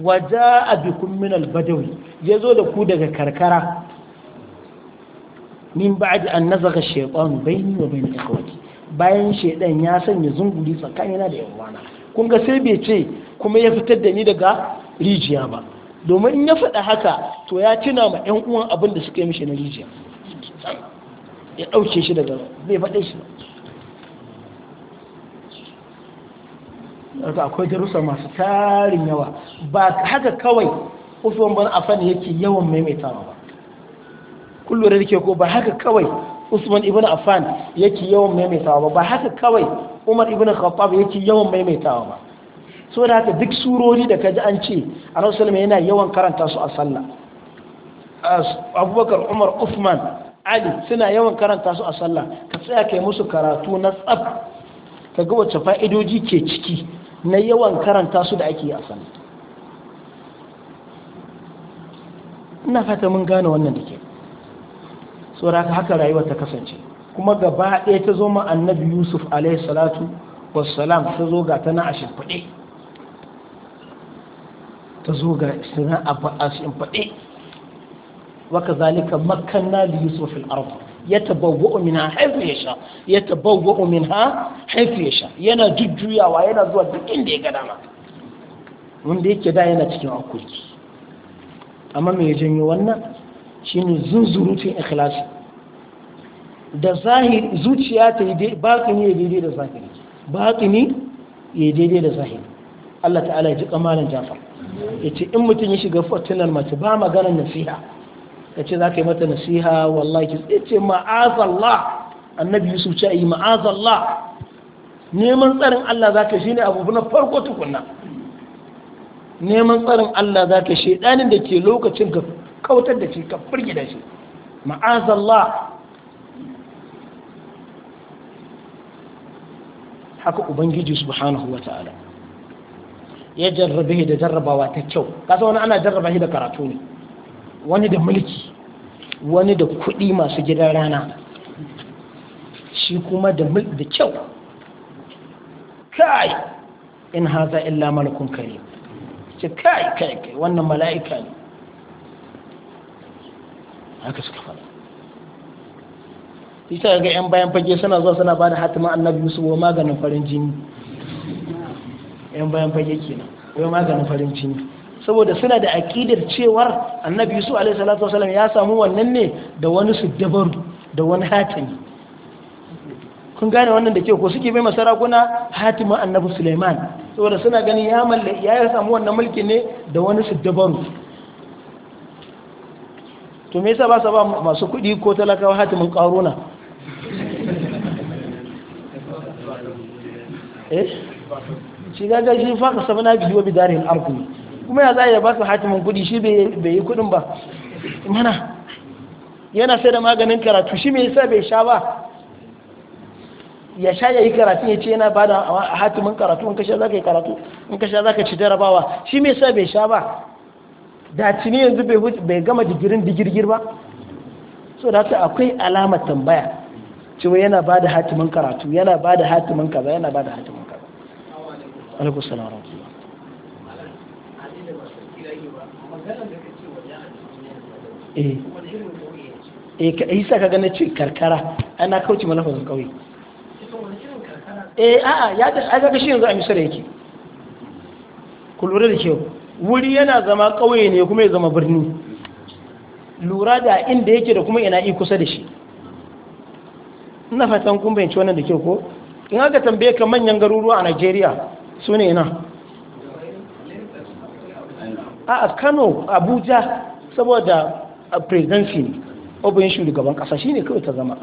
wa jaa bikum min al-badawi yazo da ku daga karkara min ba'd an nazaga shaytan bayni wa bayn ikhwati bayan shaydan ya sanya zunguri tsakanina da yawana kun ga sai bai ce kuma ya fitar da ni daga rijiya ba domin in ya faɗa haka to ya tuna ma 'yan uwan abin da suka yi mishi na rijiya ya ɗauke shi daga zai faɗe shi ba akwai darussa masu tarin yawa ba haka kawai usman bin affan yake yawan maimaitawa ba kullum da ke ko ba haka kawai usman ibn affan yake yawan maimaitawa ba ba haka kawai umar ibn khattab yake yawan maimaitawa ba so da haka duk surori da kaji an ce annabi sallallahu yana yawan karanta su a sallah abubakar umar usman ali suna yawan karanta su a sallah ka tsaya kai musu karatu na tsaf ka ga wacce fa'idoji ke ciki na yawan karanta su da ake yi a sallah ina fata mun gane wannan da ke tsoraka haka rayuwar ta kasance kuma gaba ɗaya ta zo ma annabi yusuf alaihi salatu wassalam ta zo ga tana a shimfiɗe ta zo ga a shimfiɗe وكذلك مكنا ليوسف في الأرض يتبوأ منها حيث يشاء يتبوأ منها حيث يشاء yana jujjuyawa yana zuwa duk inda ya ga dama wanda yake da yana cikin akurki amma me ya janyo wannan shine zunzurutun ikhlasi da zahiri zuciya ta yi dai, batini ya daidai da zahiri batini ya daidai da zahiri Allah ta'ala ya ji kamalin Jafar yace in mutum ya shiga fitinar mace ba maganar nasiha ka ce za ka yi mata nasiha wallahi ki ce ma'azallah annabi yusuf ce yi ma'azallah neman tsarin Allah za ka ne abu na farko tukunna neman tsarin Allah za ka ɗanin da ke lokacin ka kautar da shi ka firgida shi ma'azallah haka ubangiji subhanahu wa ta'ala ya jarrabe da jarrabawa ta kyau kasa wani ana jarraba shi da karatu ne wani da mulki wani da kuɗi masu gidan rana shi kuma da da kyau kai in haza illa malakun kare ce kai kai kai wannan mala'ika ne haka suka fara isa ga 'yan bayan fage suna zuwa suna ba da hatima annabi yusuf wa maganin farin jini 'yan bayan fage kenan wai maganin farin jini saboda suna da aƙidar cewar annabi yusuf alaihi salatu wasallam ya samu wannan ne da wani dabaru da wani hatimi kun gane wannan da ke ko suke bai kuna hatimin annabi suleiman saboda suna ganin ya malle ya samu wannan mulki ne da wani dabaru to me yasa ba sa ba masu kuɗi ko talakawa hatimin ƙaruna eh shi gaga shi faka sabana biyu wa bidarin arku kuma ya za ya ba su hatimin kudi shi bai yi kudin ba mana yana sai da maganin karatu shi bai sa bai sha ba ya sha ya yi karatu ya ce yana ba da hatimin karatu in kashe za ka yi karatu in kashe za ka ci jarabawa shi mai sa bai sha ba da tuni yanzu bai gama digirin digirgir ba so da ta akwai alamar tambaya cewa yana ba da hatimin karatu yana ba da hatimin kaza yana ba da hatimin kaza alaikum salam Eh. eh ka isa eh, ka gane ce karkara ana kauce malafazin kauye eh a'a ya ta aga shi yanzu a misira yake ku lura da kyau wuri yana zama kauye ne kuma ya zama birni lura da inda yake da kuma ina iya kusa da shi ina fatan kun bayanci wannan da kyau ko in aka tambaye ka manyan garuruwa a Najeriya su ne ina a Kano Abuja saboda A presidency ne ofishin shugaban kasa shine kawai ta zama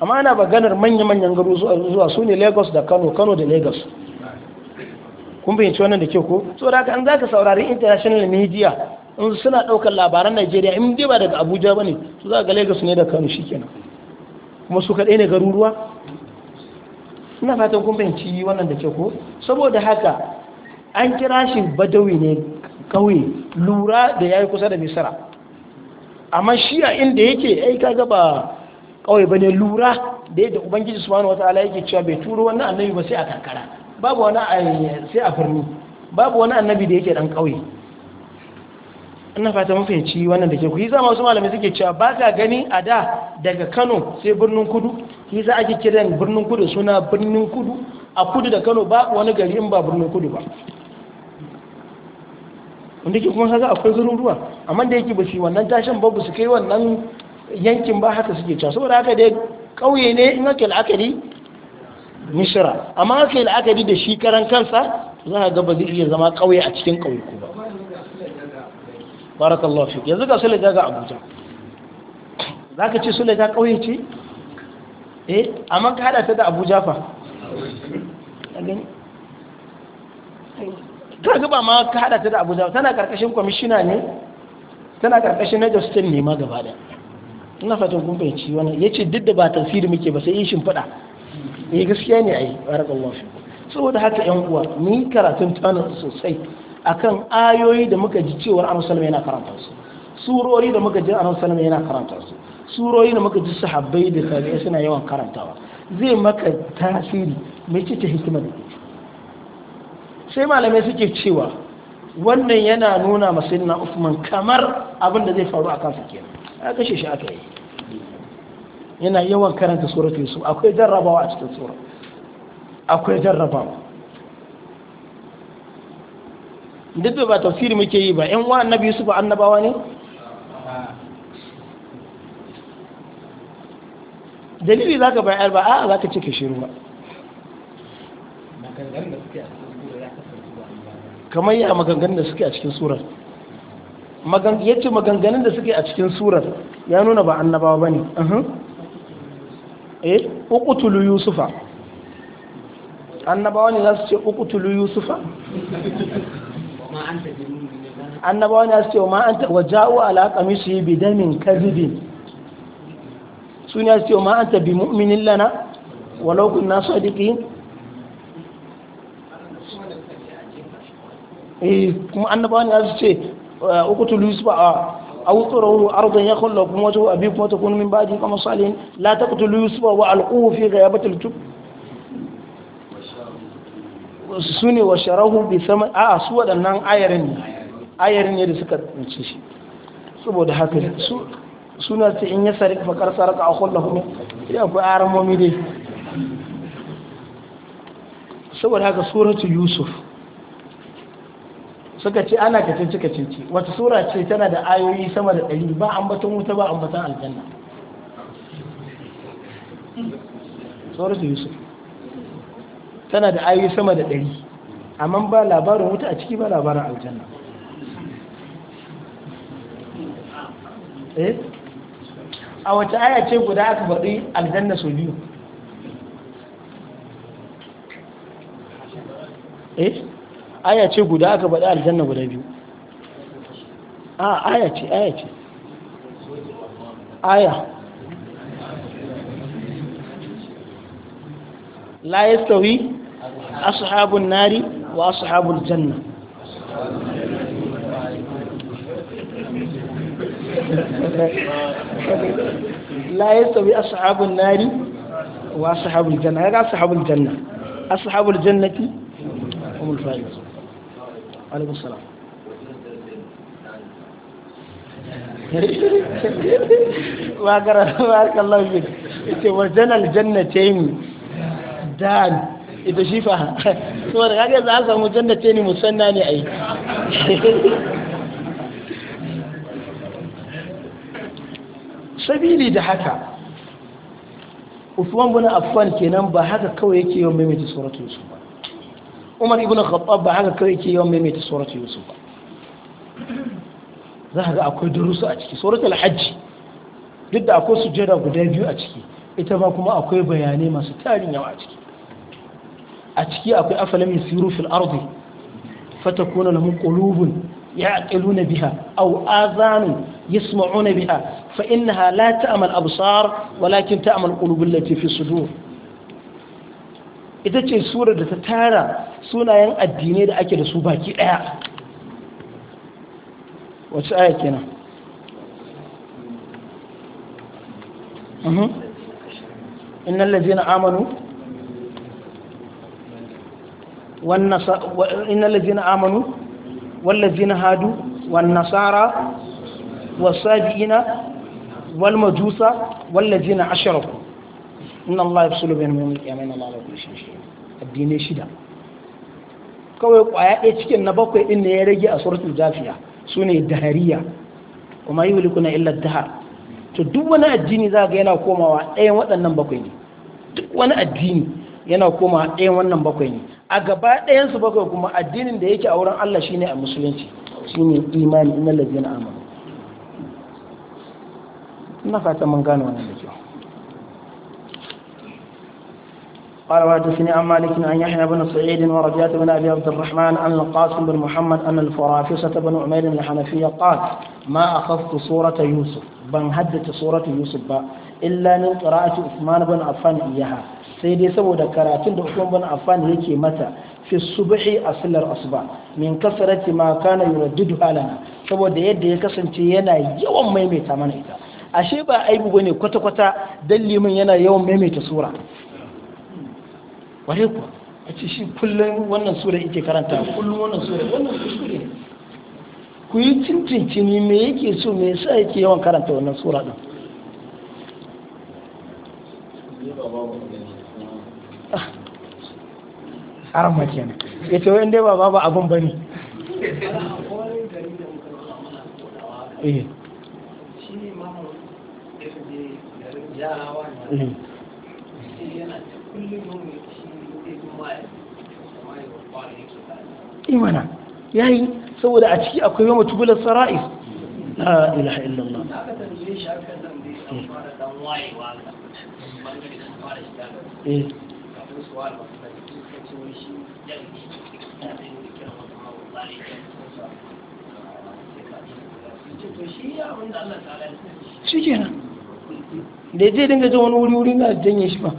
amma ana maganar manya-manyan garu zuwa su ne lagos da kano kano da lagos kun fahimci wannan da ke ko so da an zaka saurari international media in suna daukar labaran Najeriya in dai ba daga Abuja bane su za ga Lagos ne da Kano shikenan kuma su kadai ne garuruwa ina fatan kun fahimci wannan da ke ko saboda haka an kira shi badawi ne kawai lura da ya yi kusa da Misra amma shi a inda yake ai kaga ba kawai bane lura da yadda ubangiji subhanahu wataala yake cewa bai turo wani annabi ba sai a kankara babu wani sai a birni babu wani annabi da yake dan kauye ina fata mun fahimci wannan da ke ku yasa wasu malamai suke cewa ba ka gani a da daga Kano sai birnin Kudu za ake kiran birnin Kudu suna birnin Kudu a Kudu da Kano ba wani gari in ba birnin Kudu ba wanda ke kuma kaga akwai zururuwa amma da yake ba su wannan tashin babu su kai wannan yankin ba haka suke cewa saboda haka dai kauye ne in aka la'akari mishira amma aka la'akari da shi karan kansa za ka ga ba zai iya zama kauye a cikin kauye ko ba barakallahu fi yanzu ga sulaja ga abuja za ka ce ta kauye ce eh amma ka hada ta da abuja fa gani kar zuba ma ka hada ta da abuja tana karkashin kwamishina ne tana karkashin na justin ne ma gaba da ina fatan kun fahimci wannan yace duk da ba tafsiri muke ba sai shin shimfiɗa eh gaskiya ne ai barakallahu fi saboda haka yan uwa ni karatun tana sosai akan ayoyi da muka ji cewa annabi sallallahu yana karanta su surori da muka ji annabi sallallahu yana karanta su surori da muka ji sahabbai da tabi'ai suna yawan karantawa zai maka tasiri mai ce ta hikima da ke sai malamai suke cewa wannan yana nuna masu na usman kamar abin da zai faru a kansa kenan a kashe shi aka yi yana yawan karanta tsoron su akwai jarrabawa a cikin tsoron akwai jarrabawa duk da ba tafsiri muke yi ba yan wa annabi ba annabawa ne dalili ka bayar ba a ka cike shi ba kamar ya maganganun da suke a cikin surar ya ce maganganun da suke a cikin surar ya nuna ba annabawa ba ne eh ukutulu yusufa annabawa ne za su ce ukutulu yusufa annabawa ne za su ce wa ma'anta ta ja'u alaƙami su yi bidamin kazibi su ne za su ce wa ma'anta ta bi mu'minin lana walaukun nasu adikin eh kuma annabawa ne za su ce eh, uqtulu yusuf aw turuhu ya yakhlu kuma wajhu abikum wa takunu min ba'di kama salihin la taqtulu yusuf wa ya batul tu Su ne wa sharahu bi sama a su waɗannan ayarin ne ayarin ne da suka ce shi saboda haka su suna ce in ya sarik fakar saraka a kullahu ne ya fi aramomi dai saboda haka suratul yusuf suka ce ana kacinci cinci wata sura ce tana da ayoyi sama da ɗari ba ambaton wuta ba ambaton aljanna tsoron yusuf tana da ayoyi sama da ɗari amma ba labarin wuta a ciki ba labarin aljanna eh? a wata aya ce guda aka faɗi aljanna sau biyu eh aya ce guda aka faɗi aljanna guda biyu a aya ce aya ce aya la ya yastawi ashabun nari wa ashabul janna لا يستوي أصحاب النار وأصحاب الجنة janna ga ashabul janna ashabul هم الفائزون alaikum salam ba kallon fi ita wajen aljanna ce dan ita shi fa kuma da kage za a samu janna ce ni musanna ne ai da haka usman bin affan kenan ba haka kawai yake yawan maimaita suratul yusuf ba umar ibn khattab ba haka kawai ke yawan maimaita suratul yusuf ba za ka ga akwai durusu a ciki suratul hajji duk da akwai sujada guda biyu a ciki ita ma kuma akwai bayanai masu tarin yawa a ciki a ciki akwai afalam yasiru fil ardi fatakuna lahum qulubun ya'qiluna biha aw azanun yasma'una biha fa innaha la ta'mal absar walakin ta'mal qulubul lati fi sudur ita ce sura da ta tara sunayen addinai da ake da su baki daya wacce aya kenan mhm. innan lajina amanu innan lajina amanu wallazina hadu wannasara wasabi'ina walmajusa wallazina asharaku inna allaha yafsulu bainahum yawmal qiyamati la yughayyiru shay'an addinai shida kawai kwaya ɗaya cikin na bakwai ɗin ne ya rage a suratul jafiya su ne dahariya kuma yi wuli kuna illar dahar to duk wani addini za ga yana komawa ɗayan waɗannan bakwai ne duk wani addini yana komawa ɗayan wannan bakwai ne a gaba ɗayansu bakwai kuma addinin da yake a wurin Allah shine a musulunci shine imani lafiya na amanu ina fata mun gane wannan قال وحدثني عن مالك عن يحيى بن سعيد ورجات بن ابي عبد الرحمن عن القاسم بن محمد ان الفرافصه بن عمير الحنفيه قال ما اخذت صوره يوسف بن هدت صوره يوسف با الا من قراءه عثمان بن عفان اياها sai dai saboda karatun da Usman bin Affan yake mata fi subhi a sallar asuba min kasarati ma kana yuraddidu alana saboda yadda ya kasance yana yawan maimaita mana ita ashe ba aibu bane kwata-kwata dan liman yana yawan maimaita sura ware kuwa a ce shi kullum wannan sura yake karanta kullum wannan sura wannan sura ku yi cincincini me yake so me yasa yake yawan karanta wannan sura din ah. maki makiyan ya ce wani dai ba babu abin ba eh. ne eh. yana kullum imana yayi saboda a ciki akwai yawan tubular sara'is la ilaha illallah shi kenan da zai dinga zama wani wuri wuri na janye shi ba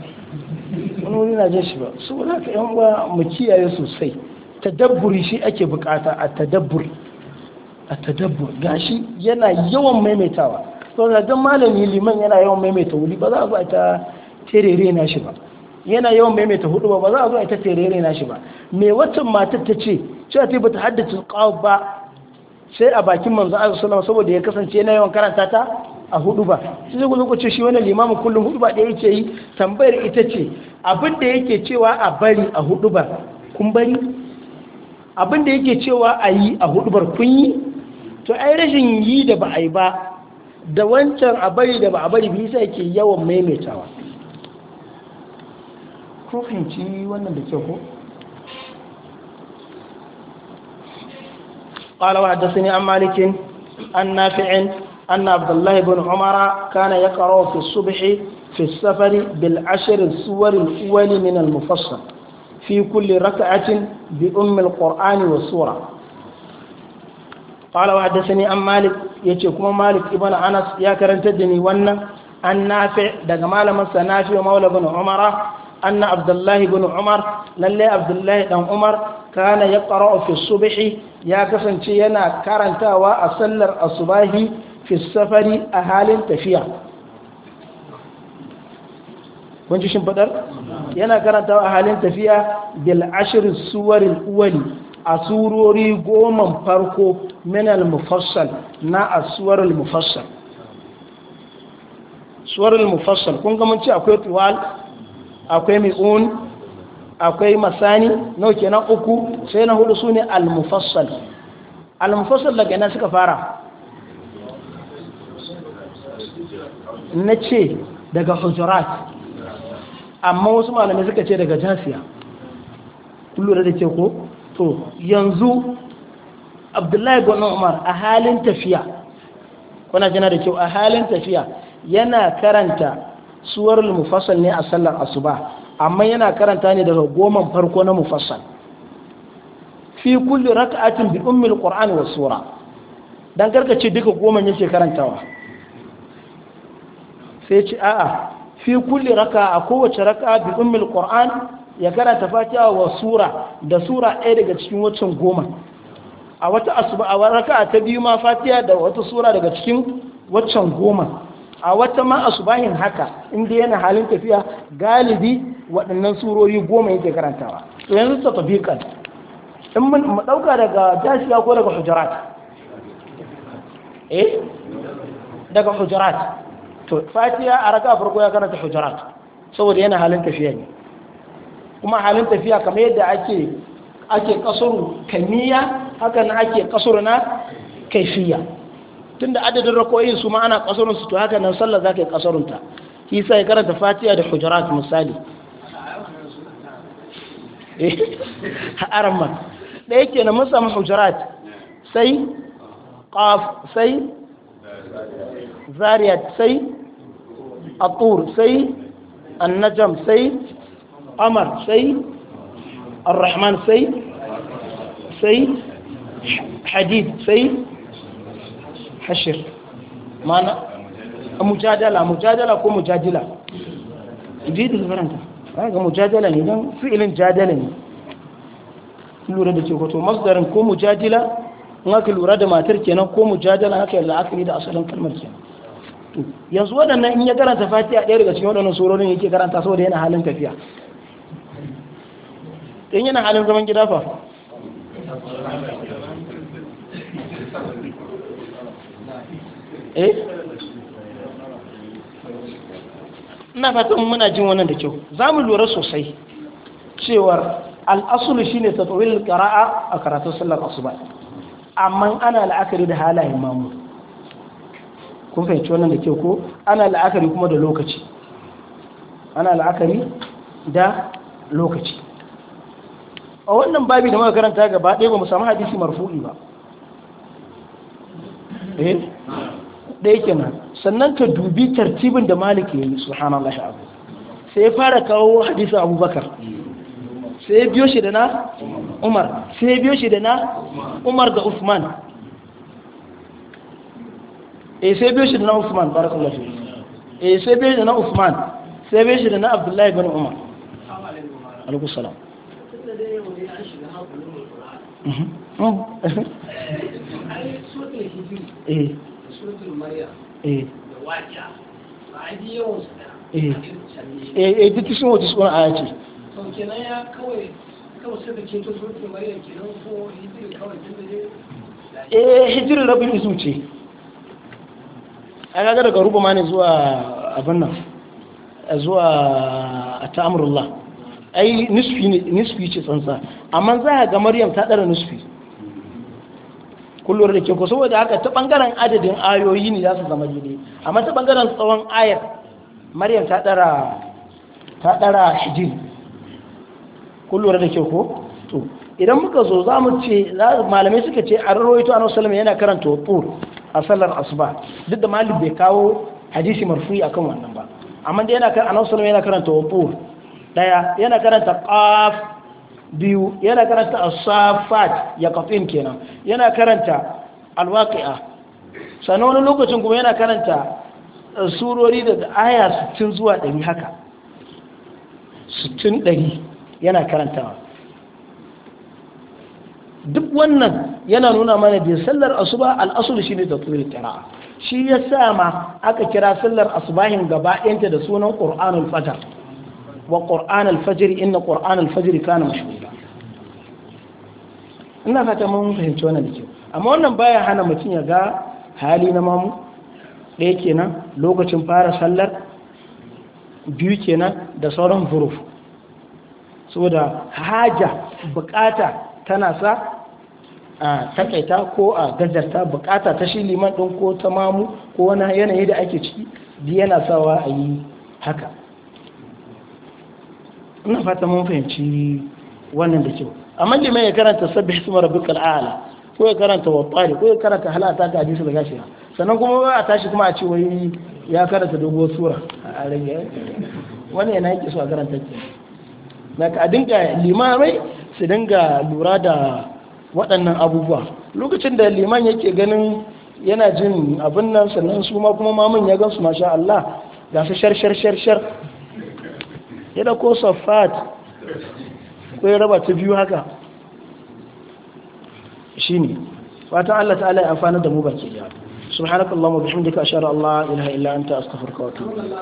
wani wani na jin shi ba su wani haka yan uwa mu kiyaye sosai tadabburi shi ake bukata a tadabburi a tadabbur gashi yana yawan maimaitawa to da dan malami liman yana yawan maimaita wuri ba za a zo a ta terere na shi ba yana yawan maimaita hudu ba ba za a zo a ta terere na shi ba me wata matar ta ce cewa ta bata haddace qaw ba sai a bakin manzo Allah sallallahu saboda ya kasance yana yawan karanta ta a hudu ba zai ku lokaci shi wannan limamin kullum hudu ba da yake yi tambayar ita ce abinda yake cewa a bari a hudu ba kun bari abinda yake cewa a yi a hudu bar kun yi to ai rashin yi da ba a yi ba da wancan a bari da ba a bari sai yake yawan maimaitawa ko fahimci wannan da kyau ko قال وحدثني عن مالك عن نافع أن عبد الله بن عمر كان يقرأ في الصبح في السفر بالعشر السور الأول من المفصل في كل ركعة بأم القرآن والسورة قال وحدثني عن مالك يتشكم مالك ابن أنس يا كرنت الدني ون النافع دقمال من سنافع مولى بن عمر أن عبد الله بن عمر للي عبد الله بن عمر كان يقرأ في الصبح يا كسن شينا كرنتا وأسلر الصباحي fi safari a halin tafiya kun ji yana karanta a halin tafiya bil ashirin suwarin uwali a surori goman farko minal mufassal na asuwar mufassal suwar mufassal kun ga akwai tuwal akwai mi'un akwai masani nau kenan uku sai na hudu sune al-mufassal al-mufassal daga yana suka fara na ce daga hujurat amma wasu malamai suka ce daga jasiya Kullu da ke ko to yanzu abdullahi bin umar a halin tafiya kuna jina da kyau a halin tafiya yana karanta suwar mufassal ne a sallar asuba amma yana karanta ne daga goman farko na mufassal fi kulli rak'atin bi ummil qur'an wa sura dan karkace duka goma yake karantawa sai ce a'a fi kulli raka a kowace raka bi ummul qur'an ya karanta fatiha wa sura da sura ɗaya daga cikin waccan goma a wata asuba a raka ta biyu ma fatiha da wata sura daga cikin waccan goma a wata ma asubahin haka inda yana halin tafiya galibi waɗannan surori goma yake karantawa to yanzu ta tabiqan in mun mu dauka daga jashiya ko daga hujurat eh daga hujurat to fatiya a raka farko ya karanta hujurat saboda yana halin tafiya ne kuma halin tafiya kamar yadda ake ake kasuru kamiya haka nan ake kasuru na kaifiya tunda adadin rakoyin su ma ana kasurun su to haka nan sallah zaka yi kasurun ta shi ya karanta fatiya da hujurat misali haramman da yake na mun samu hujurat sai qaf sai zariyat sai الطور سي النجم سي قمر سي الرحمن سي سي حديد سي حشر معنى مجادلة مجادلة كو مجادلة جيد الفرنسا هذا مجادلة إذن فعل جادلة lura da teku to masdarin ko mujadila in aka lura da matar kenan ko mujadala aka yi la'akari da asalin kalmar kenan yanzu waɗannan in ya karanta fatiha ɗaya daga cikin waɗannan surorin yake karanta saboda yana halin tafiya in yana halin zaman gida fa eh? ina fatan muna jin wannan da kyau za mu lura sosai cewar al'asulu shi ne tattawil ƙara'a a karatun sallar asuba amma ana la'akari da halayen mamu kun fahimci wannan da ke ko ana la'akari kuma da lokaci ana la'akari da lokaci a wannan babi da makaranta karanta gaba ɗaya ba mu samu hadisi marfu'i ba eh ɗaya kenan sannan ka dubi tartibin da malik ya yi subhanallah abu sai ya fara kawo hadisi abubakar sai ya biyo shi da na umar sai ya biyo shi da na umar da usman eh sai bai shi da na Usman barakallahu eh sai shi da na Usman sai shi da na Abdullahi bin Umar salam mhm. eh. eh eh eh duk sun wata suna aya ce eh hijirin rabin isu ce a kaga daga ruba ma ne zuwa abin nan zuwa ta'amurullah ai nisfi ce tsansa amma za a ga maryam ta ɗara nisfi kullum da ke ko saboda haka ta ɓangaren adadin ayoyi ne za su zama jini, amma ta ɓangaren tsawon ayar maryam ta ɗara ta ɗara hijir kullum da ke ko to idan muka zo za mu ce malamai suka ce a rarrawaito a salama yana karanta wa a sallar asuba duk da malik bai kawo hadisi marfu'i akan wannan ba amma da yana kan annabi yana karanta wutur daya yana karanta qaf biyu yana karanta asafat safat ya qafin kenan yana karanta al sannan wani lokacin kuma yana karanta uh, surori da aya 60 zuwa 100 haka 60 100 yana karantawa duk wannan yana nuna mana da sallar asuba al'asul ne da tsoron tara, shi ya sa ma aka kira sallar asubahin gaba yanta da sunan ƙur'anul fajar wa ƙur'anul fajar inna ƙur'anul fajar kana mashhura ina fata mun fahimci wannan da kyau amma wannan baya hana mutum ya ga hali na mamu ɗaya kenan lokacin fara sallar biyu kenan da sauran furuf saboda haja bukata tana sa a takaita ko a gajarta bukata ta shi liman ɗin ko ta mamu ko wani yanayi da ake ciki da yana sawa a yi haka ina fata mun fahimci wannan da kyau amma mai ya karanta sabbi hisma rabbikal a'la ko ya karanta wattari ko ya karanta halata ta hadisi da gashiya sannan kuma ba a tashi kuma a ce wai ya karanta dogo sura a rage wani yana yake so a karanta ke na ka dinga limamai su dinga lura da waɗannan abubuwa lokacin da liman yake ganin yana jin abin nan sannan su ma kuma mamun ya gansu masha Allah ga su shar shar shar shar ya ko safat ko ya raba ta biyu haka ne fatan Allah ta'ala ya amfana da mu baki ya subhanakallahumma bihamdika ashhadu an la ilaha illa anta astaghfiruka wa